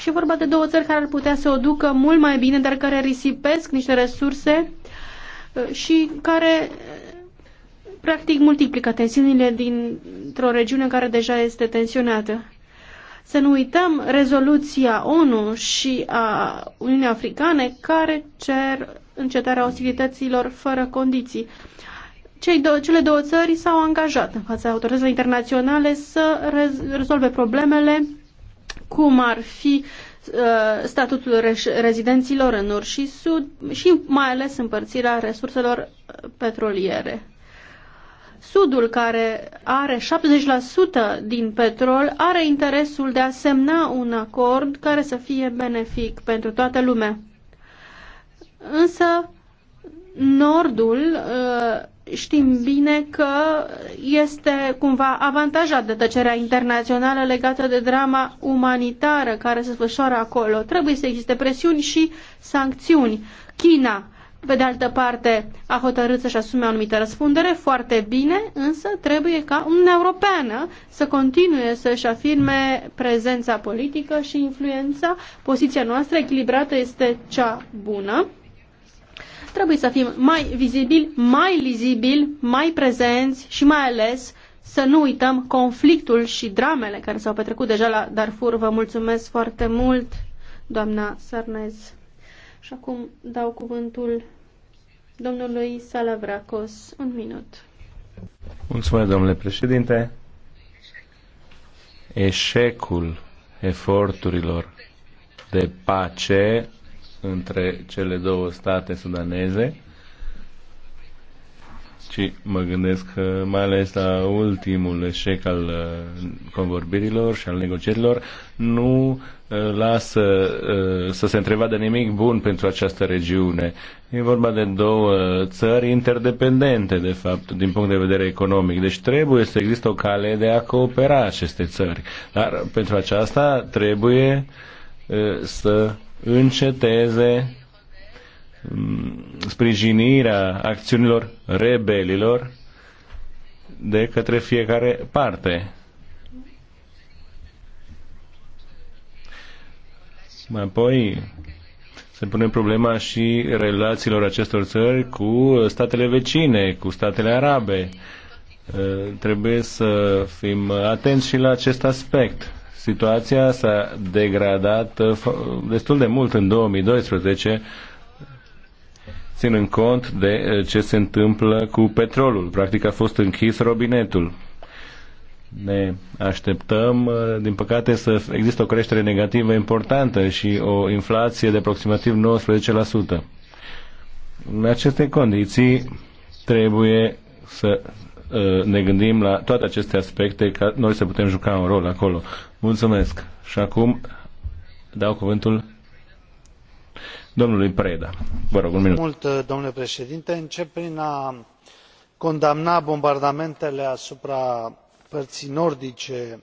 și e vorba de două țări care ar putea să o ducă mult mai bine, dar care risipesc niște resurse uh, și care uh, practic multiplică tensiunile dintr-o regiune care deja este tensionată. Să nu uităm rezoluția ONU și a Uniunii Africane care cer încetarea ostilităților fără condiții. Cei do- cele două țări s-au angajat în fața autorităților internaționale să rez, rezolve problemele cum ar fi uh, statutul reș, rezidenților în nord și sud și mai ales împărțirea resurselor petroliere. Sudul, care are 70% din petrol, are interesul de a semna un acord care să fie benefic pentru toată lumea. Însă, Nordul uh, știm bine că este cumva avantajat de tăcerea internațională legată de drama umanitară care se sfășoară acolo. Trebuie să existe presiuni și sancțiuni. China, pe de altă parte, a hotărât să-și asume o anumită răspundere foarte bine, însă trebuie ca Uniunea Europeană să continue să-și afirme prezența politică și influența. Poziția noastră echilibrată este cea bună Trebuie să fim mai vizibili, mai lizibili, mai prezenți și mai ales să nu uităm conflictul și dramele care s-au petrecut deja la Darfur. Vă mulțumesc foarte mult, doamna Sarnez. Și acum dau cuvântul domnului Salavracos. Un minut. Mulțumesc, domnule președinte. Eșecul eforturilor de pace între cele două state sudaneze, ci mă gândesc mai ales la ultimul eșec al uh, convorbirilor și al negocierilor, nu uh, lasă uh, să se de nimic bun pentru această regiune. E vorba de două țări interdependente, de fapt, din punct de vedere economic. Deci trebuie să există o cale de a coopera aceste țări. Dar pentru aceasta trebuie să înceteze mm, sprijinirea acțiunilor rebelilor de către fiecare parte. Mai apoi se pune problema și relațiilor acestor țări cu statele vecine, cu statele arabe. Trebuie să fim atenți și la acest aspect situația s-a degradat uh, destul de mult în 2012, ținând cont de uh, ce se întâmplă cu petrolul. Practic a fost închis robinetul. Ne așteptăm, uh, din păcate, să există o creștere negativă importantă și o inflație de aproximativ 19%. În aceste condiții trebuie să Uh, ne gândim la toate aceste aspecte ca noi să putem juca un rol acolo. Mulțumesc! Și acum dau cuvântul domnului Preda. Vă rog, un minut. Mult, uh, domnule președinte. Încep prin a condamna bombardamentele asupra părții nordice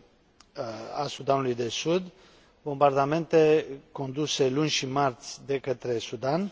uh, a sudanului de sud bombardamente conduse luni și marți de către sudan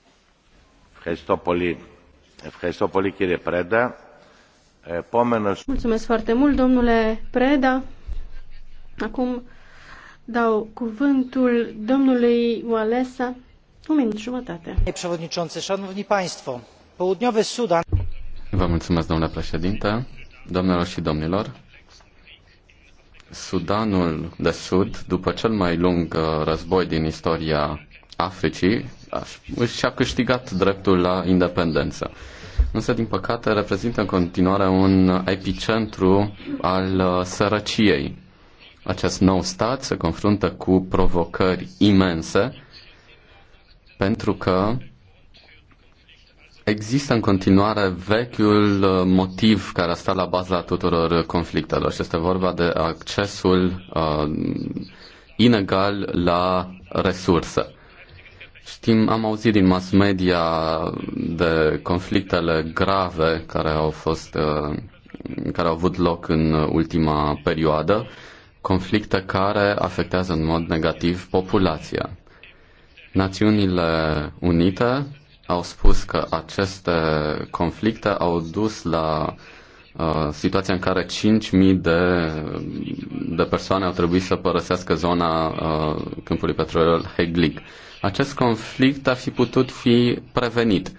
Mulțumesc foarte mult, domnule Preda. Acum dau cuvântul domnului Walesa. Un minut jumătate. Przewodniczący, mulțumesc, domnule președinte, domnilor și domnilor. Sudanul de Sud, după cel mai lung uh, război din istoria Africii, și-a câștigat dreptul la independență. Însă, din păcate, reprezintă în continuare un epicentru al uh, sărăciei. Acest nou stat se confruntă cu provocări imense pentru că Există în continuare vechiul uh, motiv care a stat la baza tuturor conflictelor și este vorba de accesul uh, inegal la resurse. Știm, am auzit din mass media de conflictele grave care au fost uh, care au avut loc în ultima perioadă, conflicte care afectează în mod negativ populația. Națiunile Unite au spus că aceste conflicte au dus la uh, situația în care 5.000 de, de persoane au trebuit să părăsească zona uh, câmpului petrolel Heglig. Uh, acest conflict ar fi putut fi prevenit.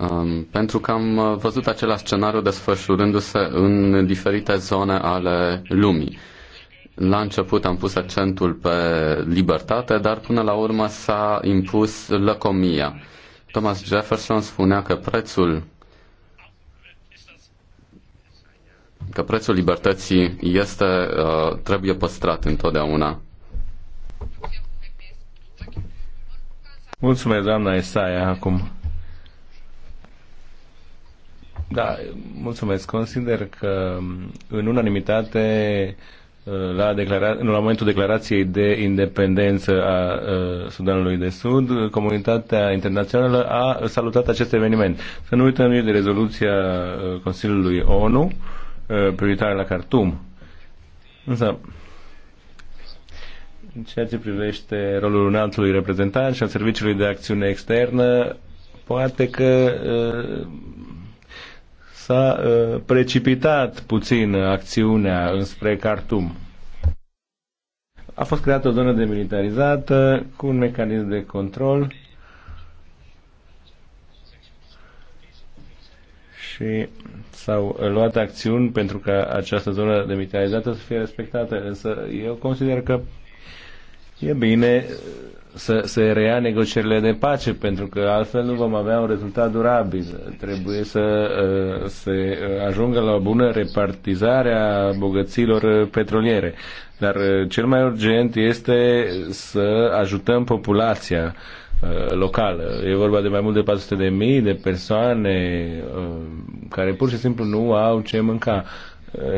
Um, pentru că am uh, văzut același scenariu desfășurându-se în diferite zone ale lumii. La început am pus accentul pe libertate, dar până la urmă s-a impus lăcomia. Thomas Jefferson spunea că prețul că prețul libertății este, uh, trebuie păstrat întotdeauna. Mulțumesc, doamna Esaia, acum. Da, mulțumesc. Consider că în unanimitate la, declara- la momentul declarației de independență a Sudanului de Sud, comunitatea internațională a salutat acest eveniment. Să nu uităm de rezoluția Consiliului ONU prioritară la Khartoum. Însă, în ceea ce privește rolul înaltului reprezentant și al Serviciului de Acțiune Externă, poate că uh, s-a uh, precipitat puțin acțiunea înspre cartum. A fost creată o zonă demilitarizată cu un mecanism de control și s-au luat acțiuni pentru ca această zonă demilitarizată să fie respectată. Însă eu consider că e bine uh, să să reia negocierile de pace, pentru că altfel nu vom avea un rezultat durabil. Trebuie să uh, se uh, ajungă la o bună repartizare a bogăților petroliere. Dar cel mai urgent este să ajutăm populația locală. E vorba de mai mult de 400 de mii de persoane care pur și simplu nu au ce mânca.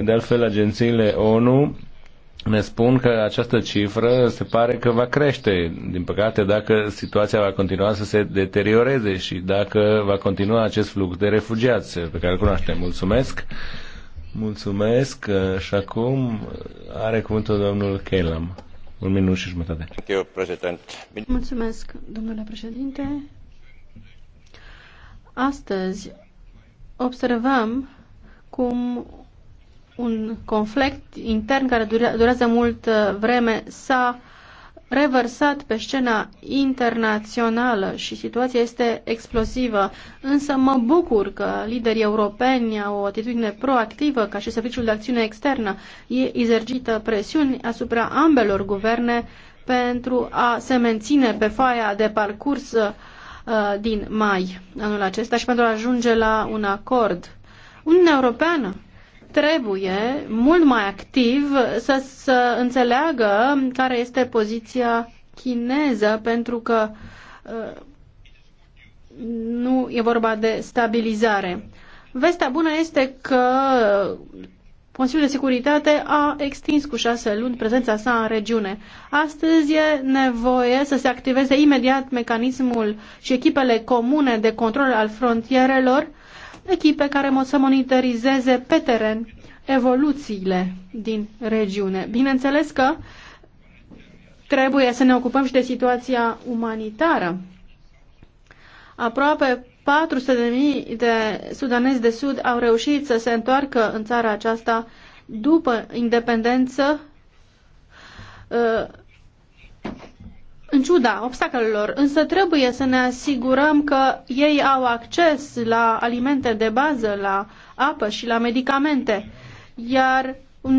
De altfel, agențiile ONU ne spun că această cifră se pare că va crește, din păcate, dacă situația va continua să se deterioreze și dacă va continua acest flux de refugiați pe care îl cunoaștem. Mulțumesc! Mulțumesc și acum are cuvântul domnul Kelam. Un minut și jumătate. Mulțumesc, domnule președinte. Astăzi observăm cum un conflict intern care durează mult uh, vreme s-a reversat pe scena internațională și situația este explozivă. Însă mă bucur că liderii europeni au o atitudine proactivă ca și Serviciul de Acțiune Externă. E izergită presiuni asupra ambelor guverne pentru a se menține pe faia de parcurs uh, din mai anul acesta și pentru a ajunge la un acord. Uniunea Europeană trebuie mult mai activ să, să înțeleagă care este poziția chineză, pentru că uh, nu e vorba de stabilizare. Vestea bună este că Consiliul de Securitate a extins cu șase luni prezența sa în regiune. Astăzi e nevoie să se activeze imediat mecanismul și echipele comune de control al frontierelor echipe care să monitorizeze pe teren evoluțiile din regiune. Bineînțeles că trebuie să ne ocupăm și de situația umanitară. Aproape 400.000 de sudanezi de sud au reușit să se întoarcă în țara aceasta după independență uh, în ciuda obstacolelor, însă trebuie să ne asigurăm că ei au acces la alimente de bază, la apă și la medicamente. Iar uh,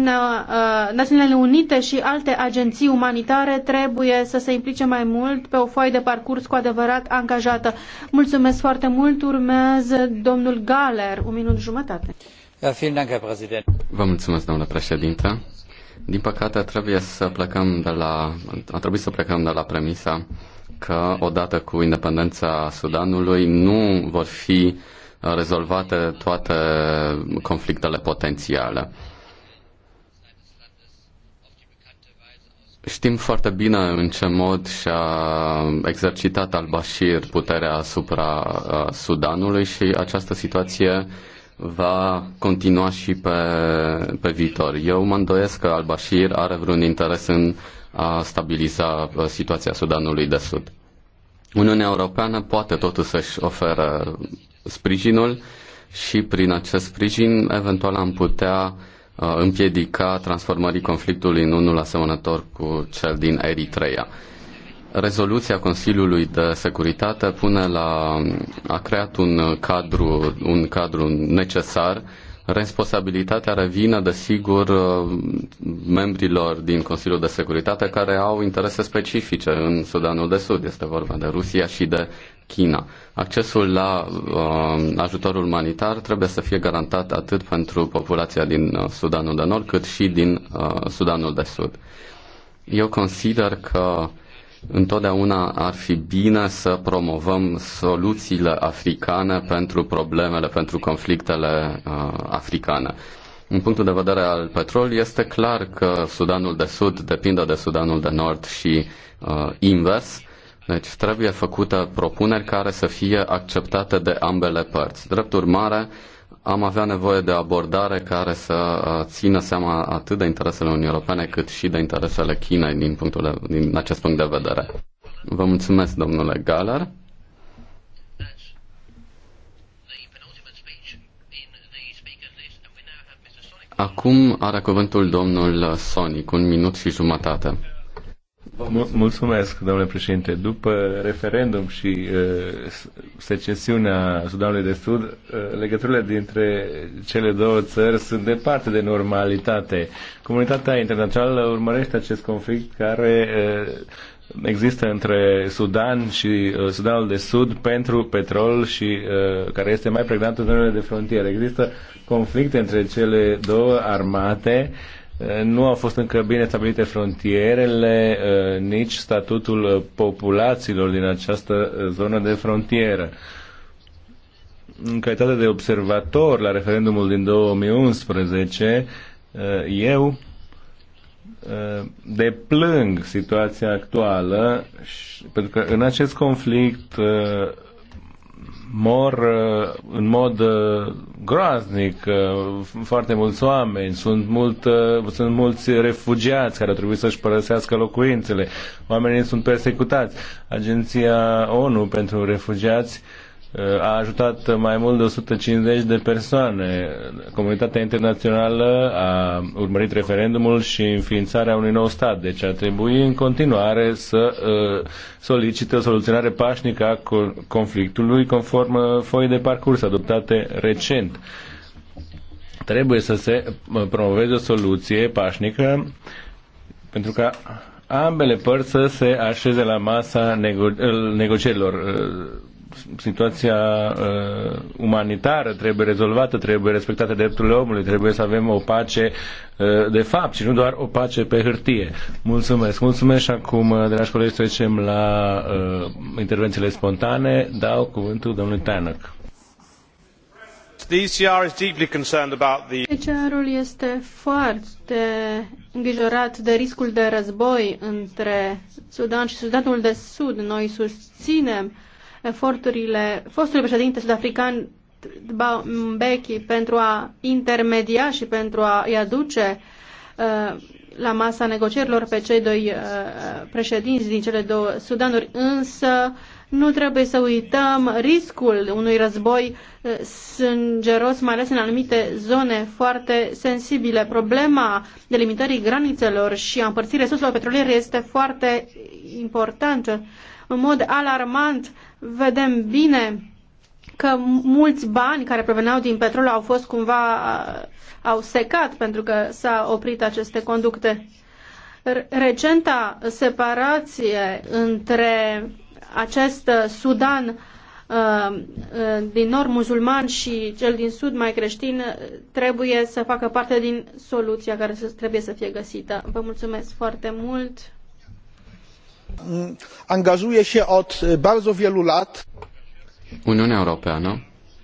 Națiunile Unite și alte agenții umanitare trebuie să se implice mai mult pe o foaie de parcurs cu adevărat angajată. Mulțumesc foarte mult. Urmează domnul Galer, un minut jumătate. Da, Vă mulțumesc, domnule președinte. Din păcate, trebuie să plecăm de la, a trebuit să plecăm de la premisa că odată cu independența Sudanului nu vor fi rezolvate toate conflictele potențiale. Știm foarte bine în ce mod și-a exercitat al-Bashir puterea asupra uh, Sudanului și această situație va continua și pe, pe viitor. Eu mă îndoiesc că al-Bashir are vreun interes în a stabiliza uh, situația Sudanului de Sud. Uniunea Europeană poate totuși să-și oferă sprijinul și prin acest sprijin eventual am putea uh, împiedica transformării conflictului în unul asemănător cu cel din Eritrea. Rezoluția Consiliului de Securitate pune la, a creat un cadru, un cadru necesar. Responsabilitatea revine, desigur, membrilor din Consiliul de Securitate care au interese specifice în Sudanul de Sud. Este vorba de Rusia și de China. Accesul la uh, ajutorul umanitar trebuie să fie garantat atât pentru populația din uh, Sudanul de Nord cât și din uh, Sudanul de Sud. Eu consider că uh, Întotdeauna ar fi bine să promovăm soluțiile africane pentru problemele, pentru conflictele uh, africane. În punctul de vedere al petrolului este clar că Sudanul de Sud depinde de Sudanul de Nord și uh, invers. Deci trebuie făcută propuneri care să fie acceptate de ambele părți. Drept urmare, uh, am avea nevoie de abordare care să uh, țină seama atât de interesele Uniunii Europene cât și de interesele Chinei din, punctul de, din acest punct de vedere. Vă mulțumesc, domnule Galer. Acum are cuvântul domnul Sonic, un minut și jumătate. Mulțumesc, domnule președinte. După referendum și uh, secesiunea Sudanului de Sud, uh, legăturile dintre cele două țări sunt departe de normalitate. Comunitatea internațională urmărește acest conflict care uh, există între Sudan și uh, Sudanul de Sud pentru petrol și uh, care este mai pregnant în zonele de frontieră. Există conflicte între cele două armate uh, nu au fost încă bine stabilite frontierele, eh, nici statutul eh, populațiilor din această eh, zonă de frontieră. În calitate de observator la referendumul din 2011, eu deplâng situația actuală, pentru că în acest conflict mor uh, în mod uh, groaznic uh, foarte mulți oameni, sunt, mult, sunt mulți refugiați care trebuie să-și părăsească locuințele, oamenii sunt persecutați. Agenția ONU pentru refugiați uh, a ajutat mai mult de 150 de persoane. Comunitatea internațională a urmărit referendumul și înființarea unui nou stat, deci ar trebui în continuare să uh, solicite o soluționare pașnică a conflictului conform uh, foi de parcurs adoptate recent. Trebuie să se uh, promoveze o soluție pașnică pentru că ambele părți să se așeze la masa nego- negocierilor situația uh, umanitară trebuie rezolvată, trebuie respectate drepturile omului, trebuie să avem o pace uh, de fapt și nu doar o pace pe hârtie. Mulțumesc, mulțumesc și acum, uh, dragi colegi, trecem la uh, intervențiile spontane. Dau cuvântul domnului Tanăc. ECR-ul este foarte îngrijorat de riscul de război între Sudan și Sudanul de Sud. Noi susținem uh, eforturile fostului președinte sud-african Mbeki pentru a intermedia și pentru a-i aduce uh, la masa negocierilor pe cei doi uh, președinți din cele două Sudanuri, însă nu trebuie să uităm riscul unui război uh, sângeros, mai ales în anumite zone foarte sensibile. Problema delimitării granițelor și a împărțirii resurselor petroliere este foarte importantă. În mod alarmant vedem bine că mulți bani care proveneau din petrol au fost cumva uh, au secat pentru că s-a oprit aceste conducte. Recenta separație între acest uh, Sudan uh, din nord musulman și cel din sud mai creștin trebuie să facă parte din soluția care trebuie să fie găsită. Vă mulțumesc foarte mult! Angajuje się od bardzo wielu lat. Uniunea Europeană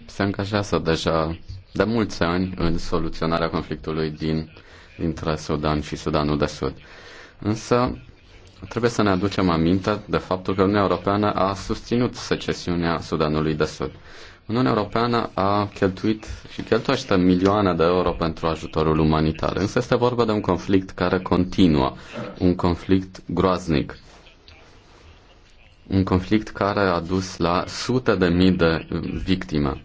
se angajează deja de mulți ani în soluționarea conflictului din, dintre Sudan și Sudanul de Sud. Însă, trebuie să ne aducem aminte de faptul că Uniunea Europeană a susținut secesiunea Sudanului de Sud. Uniunea Europeană a cheltuit și cheltuiește milioane de euro pentru ajutorul umanitar. Însă este vorba de un conflict care continuă, un conflict groaznic un conflict care a dus la sute de mii de uh, victime.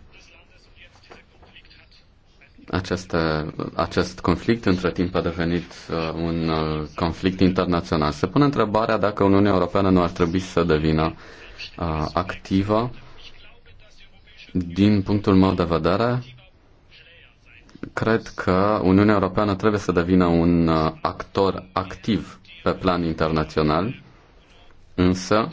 Aceste, acest conflict între timp a devenit uh, un uh, conflict internațional. Se pune întrebarea dacă Uniunea Europeană nu ar trebui să devină uh, activă. Din punctul meu de vedere, cred că Uniunea Europeană trebuie să devină un uh, actor activ pe plan internațional, însă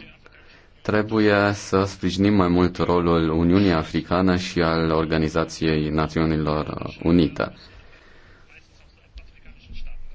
Trebuie să sprijinim mai mult rolul Uniunii Africane și al Organizației Națiunilor Unite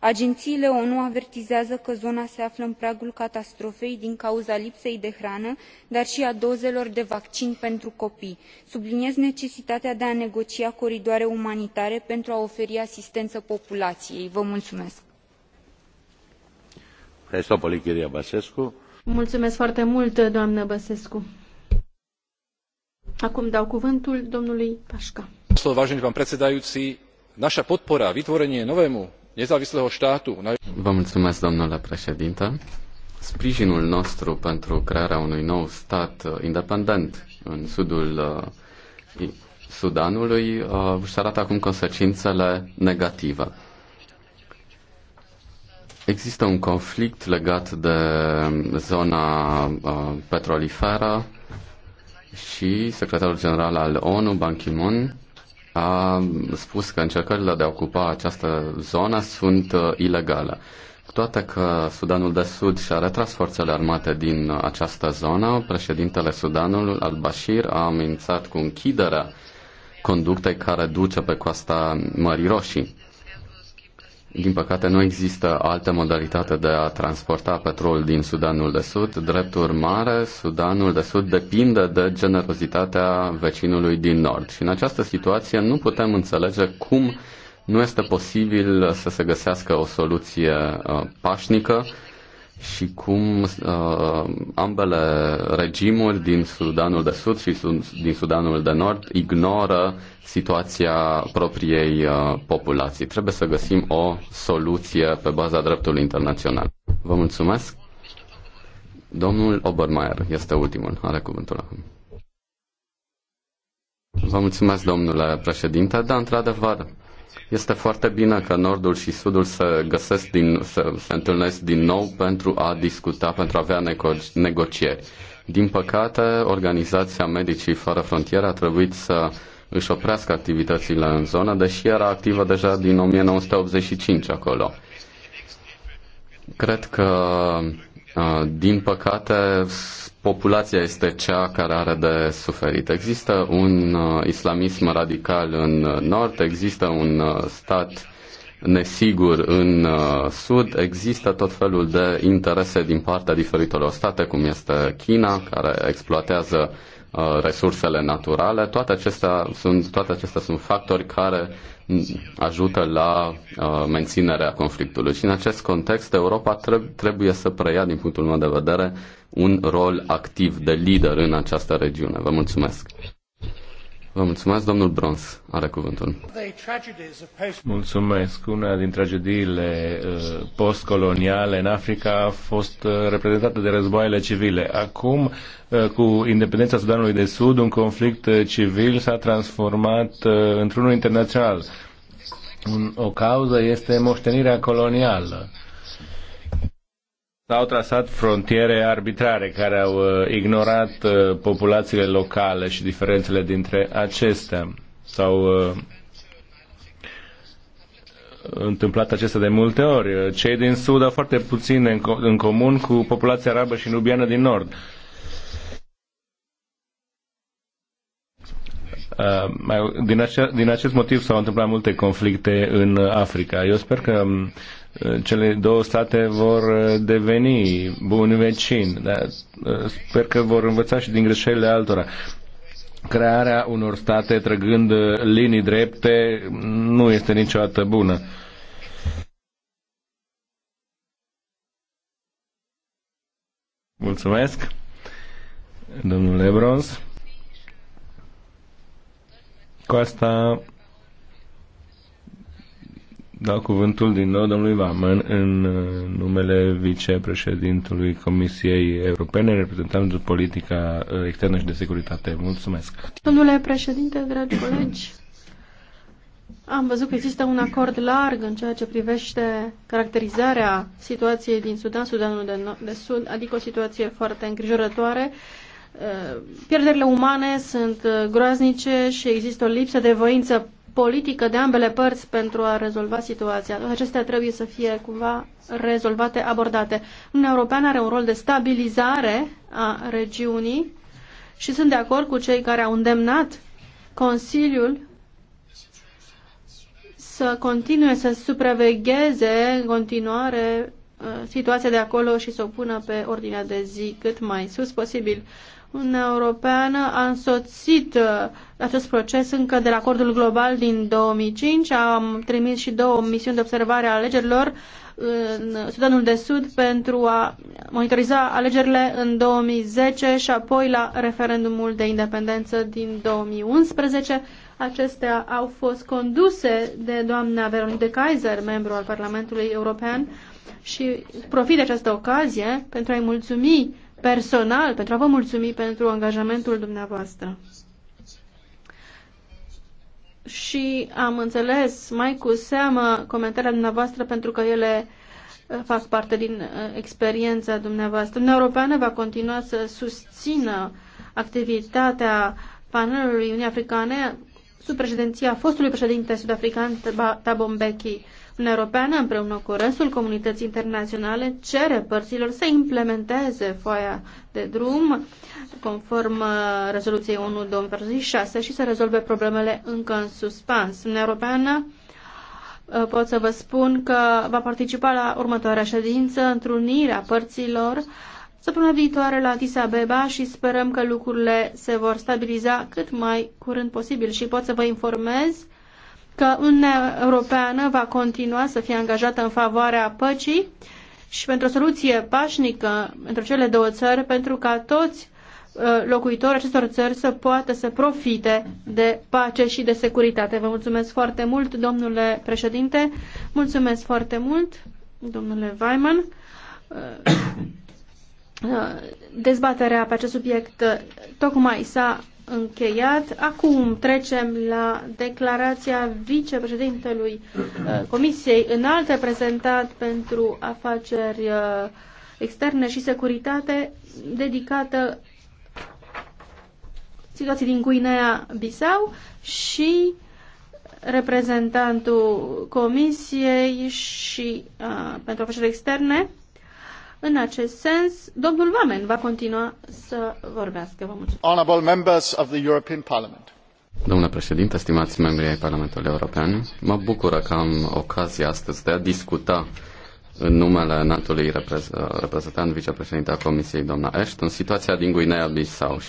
ageniile onu avertizează că zona se află în pragul catastrofei din cauza lipsei de hrană dar i a dozelor de vaccin pentru copii. subliniez necesitatea de a negocia coridoare umanitare pentru a oferi asistenă populaiei. vă Mulțumesc foarte mult, Băsescu. Acum dau cuvântul domnului nezávislého štátu. Vă mulțumesc, domnule președinte. Sprijinul nostru pentru crearea unui nou stat uh, independent în sudul uh, Sudanului uh, își arată acum consecințele negative. Există un conflict legat de zona petroliferă și secretarul general al ONU, Ban Ki-moon, a spus că încercările de a ocupa această zonă sunt uh, ilegale. Cu toate că Sudanul de Sud și-a retras forțele armate din această zonă, președintele Sudanului, al-Bashir, a amenințat cu închiderea conductei care duce pe coasta Mării Roșii. Din păcate, nu există altă modalitate de a transporta petrol din Sudanul de Sud. Drept urmare, Sudanul de Sud depinde de generozitatea vecinului din Nord. Și în această situație nu putem înțelege cum nu este posibil să se găsească o soluție uh, pașnică și cum uh, ambele regimuri din Sudanul de Sud și din Sudanul de Nord ignoră situația propriei uh, populații. Trebuie să găsim o soluție pe baza dreptului internațional. Vă mulțumesc. Domnul Obermeier este ultimul, are cuvântul acum. Vă mulțumesc, domnule președinte, dar într-adevăr, este foarte bine că Nordul și Sudul se găsesc din, se, se întâlnesc din nou pentru a discuta, pentru a avea nego- negocieri. Din păcate, organizația Medicii Fără Frontiere a trebuit să își oprească activitățile în zonă, deși era activă deja din 1985 acolo. Cred că, uh, din păcate, populația este cea care are de suferit. Există un uh, islamism radical în uh, nord, există un uh, stat nesigur în sud, există tot felul de interese din partea diferitelor state, cum este China, care exploatează resursele naturale, toate acestea sunt, toate acestea sunt factori care mm, ajută la menținerea conflictului. Și în acest context, Europa trebuie să preia, din punctul meu de vedere, un rol activ de lider în această regiune. Vă mulțumesc! Vă mulțumesc, domnul Brons are cuvântul. Mulțumesc. Una din tragediile uh, postcoloniale în Africa a fost uh, reprezentată de războaiele civile. Acum, uh, cu independența Sudanului de Sud, un conflict civil s-a transformat într-unul internațional. O cauză este moștenirea colonială S-au trasat frontiere arbitrare care au uh, ignorat uh, populațiile locale și diferențele dintre acestea. S-au uh, întâmplat acesta de multe ori. Cei din Sud au foarte puțin în comun cu populația arabă și nubiană din Nord. din, din acest motiv s-au întâmplat multe conflicte în Africa. Eu sper că um, Eh, cele două state vor eh, deveni buni vecini, Da? Eh, sper că vor învăța și din greșelile altora. Crearea unor state trăgând linii drepte nu este niciodată bună. Mulțumesc, domnule Bronz. Cu asta da cuvântul din nou domnului Vaman în uh, numele vicepreședintului Comisiei Europene, reprezentantul politica uh, externă și de securitate. Mulțumesc! Domnule președinte, dragi colegi, am văzut că există un acord larg în ceea ce privește caracterizarea situației din Sudan, Sudanul de, no- de Sud, adică o situație foarte îngrijorătoare. Uh, pierderile umane sunt groaznice și există o lipsă de voință politică de ambele părți pentru a rezolva situația. Acestea trebuie să fie cumva rezolvate, abordate. Uniunea Europeană are un rol de stabilizare a regiunii și sunt de acord cu cei care au îndemnat Consiliul să continue să supravegheze în continuare uh, situația de acolo și să o pună pe ordinea de zi cât mai sus posibil. Uniunea Europeană a însoțit uh, acest proces încă de la acordul global din 2005. Am trimis și două misiuni de observare a alegerilor în Sudanul de Sud pentru a monitoriza alegerile în 2010 și apoi la referendumul de independență din 2011. Acestea au fost conduse de doamna Veronique de Kaiser, membru al Parlamentului European, și profit de această ocazie pentru a-i mulțumi personal pentru a vă mulțumi pentru angajamentul dumneavoastră. Și am înțeles mai cu seamă comentariile dumneavoastră pentru că ele uh, fac parte din uh, experiența dumneavoastră. Uniunea Europeană va continua să susțină activitatea panelului Uniunii Africane sub președinția fostului președinte sud-african Thabo Mbeki. Uniunea Europeană, împreună cu restul comunității internaționale, cere părților să implementeze foaia de drum conform uh, rezoluției 1-2006 și să rezolve problemele încă în suspans. Uniunea Europeană uh, pot să vă spun că va participa la următoarea ședință, întrunirea părților săptămâna viitoare la Tisa Beba și sperăm că lucrurile se vor stabiliza cât mai curând posibil și pot să vă informez că Uniunea Europeană va continua să fie angajată în favoarea păcii și pentru o soluție pașnică între cele două țări, pentru ca toți uh, locuitorii acestor țări să poată să profite de pace și de securitate. Vă mulțumesc foarte mult, domnule președinte. Mulțumesc foarte mult, domnule Weiman. Uh, uh, dezbaterea pe acest subiect tocmai s-a încheiat. Acum trecem la declarația vicepreședintelui uh, Comisiei Înalte, prezentat pentru afaceri uh, externe și securitate dedicată situației din Guinea-Bissau și reprezentantul Comisiei și uh, pentru afaceri externe în acest sens, domnul Vamen va continua să vorbească. Vă mulțumesc. Honorable members of the European Parliament. Domnule președinte, stimați membri ai Parlamentului European, mă bucură că am ocazia astăzi de a discuta în numele înaltului reprezentant, vicepreședinte a Comisiei, doamna Ashton, situația din Guinea-Bissau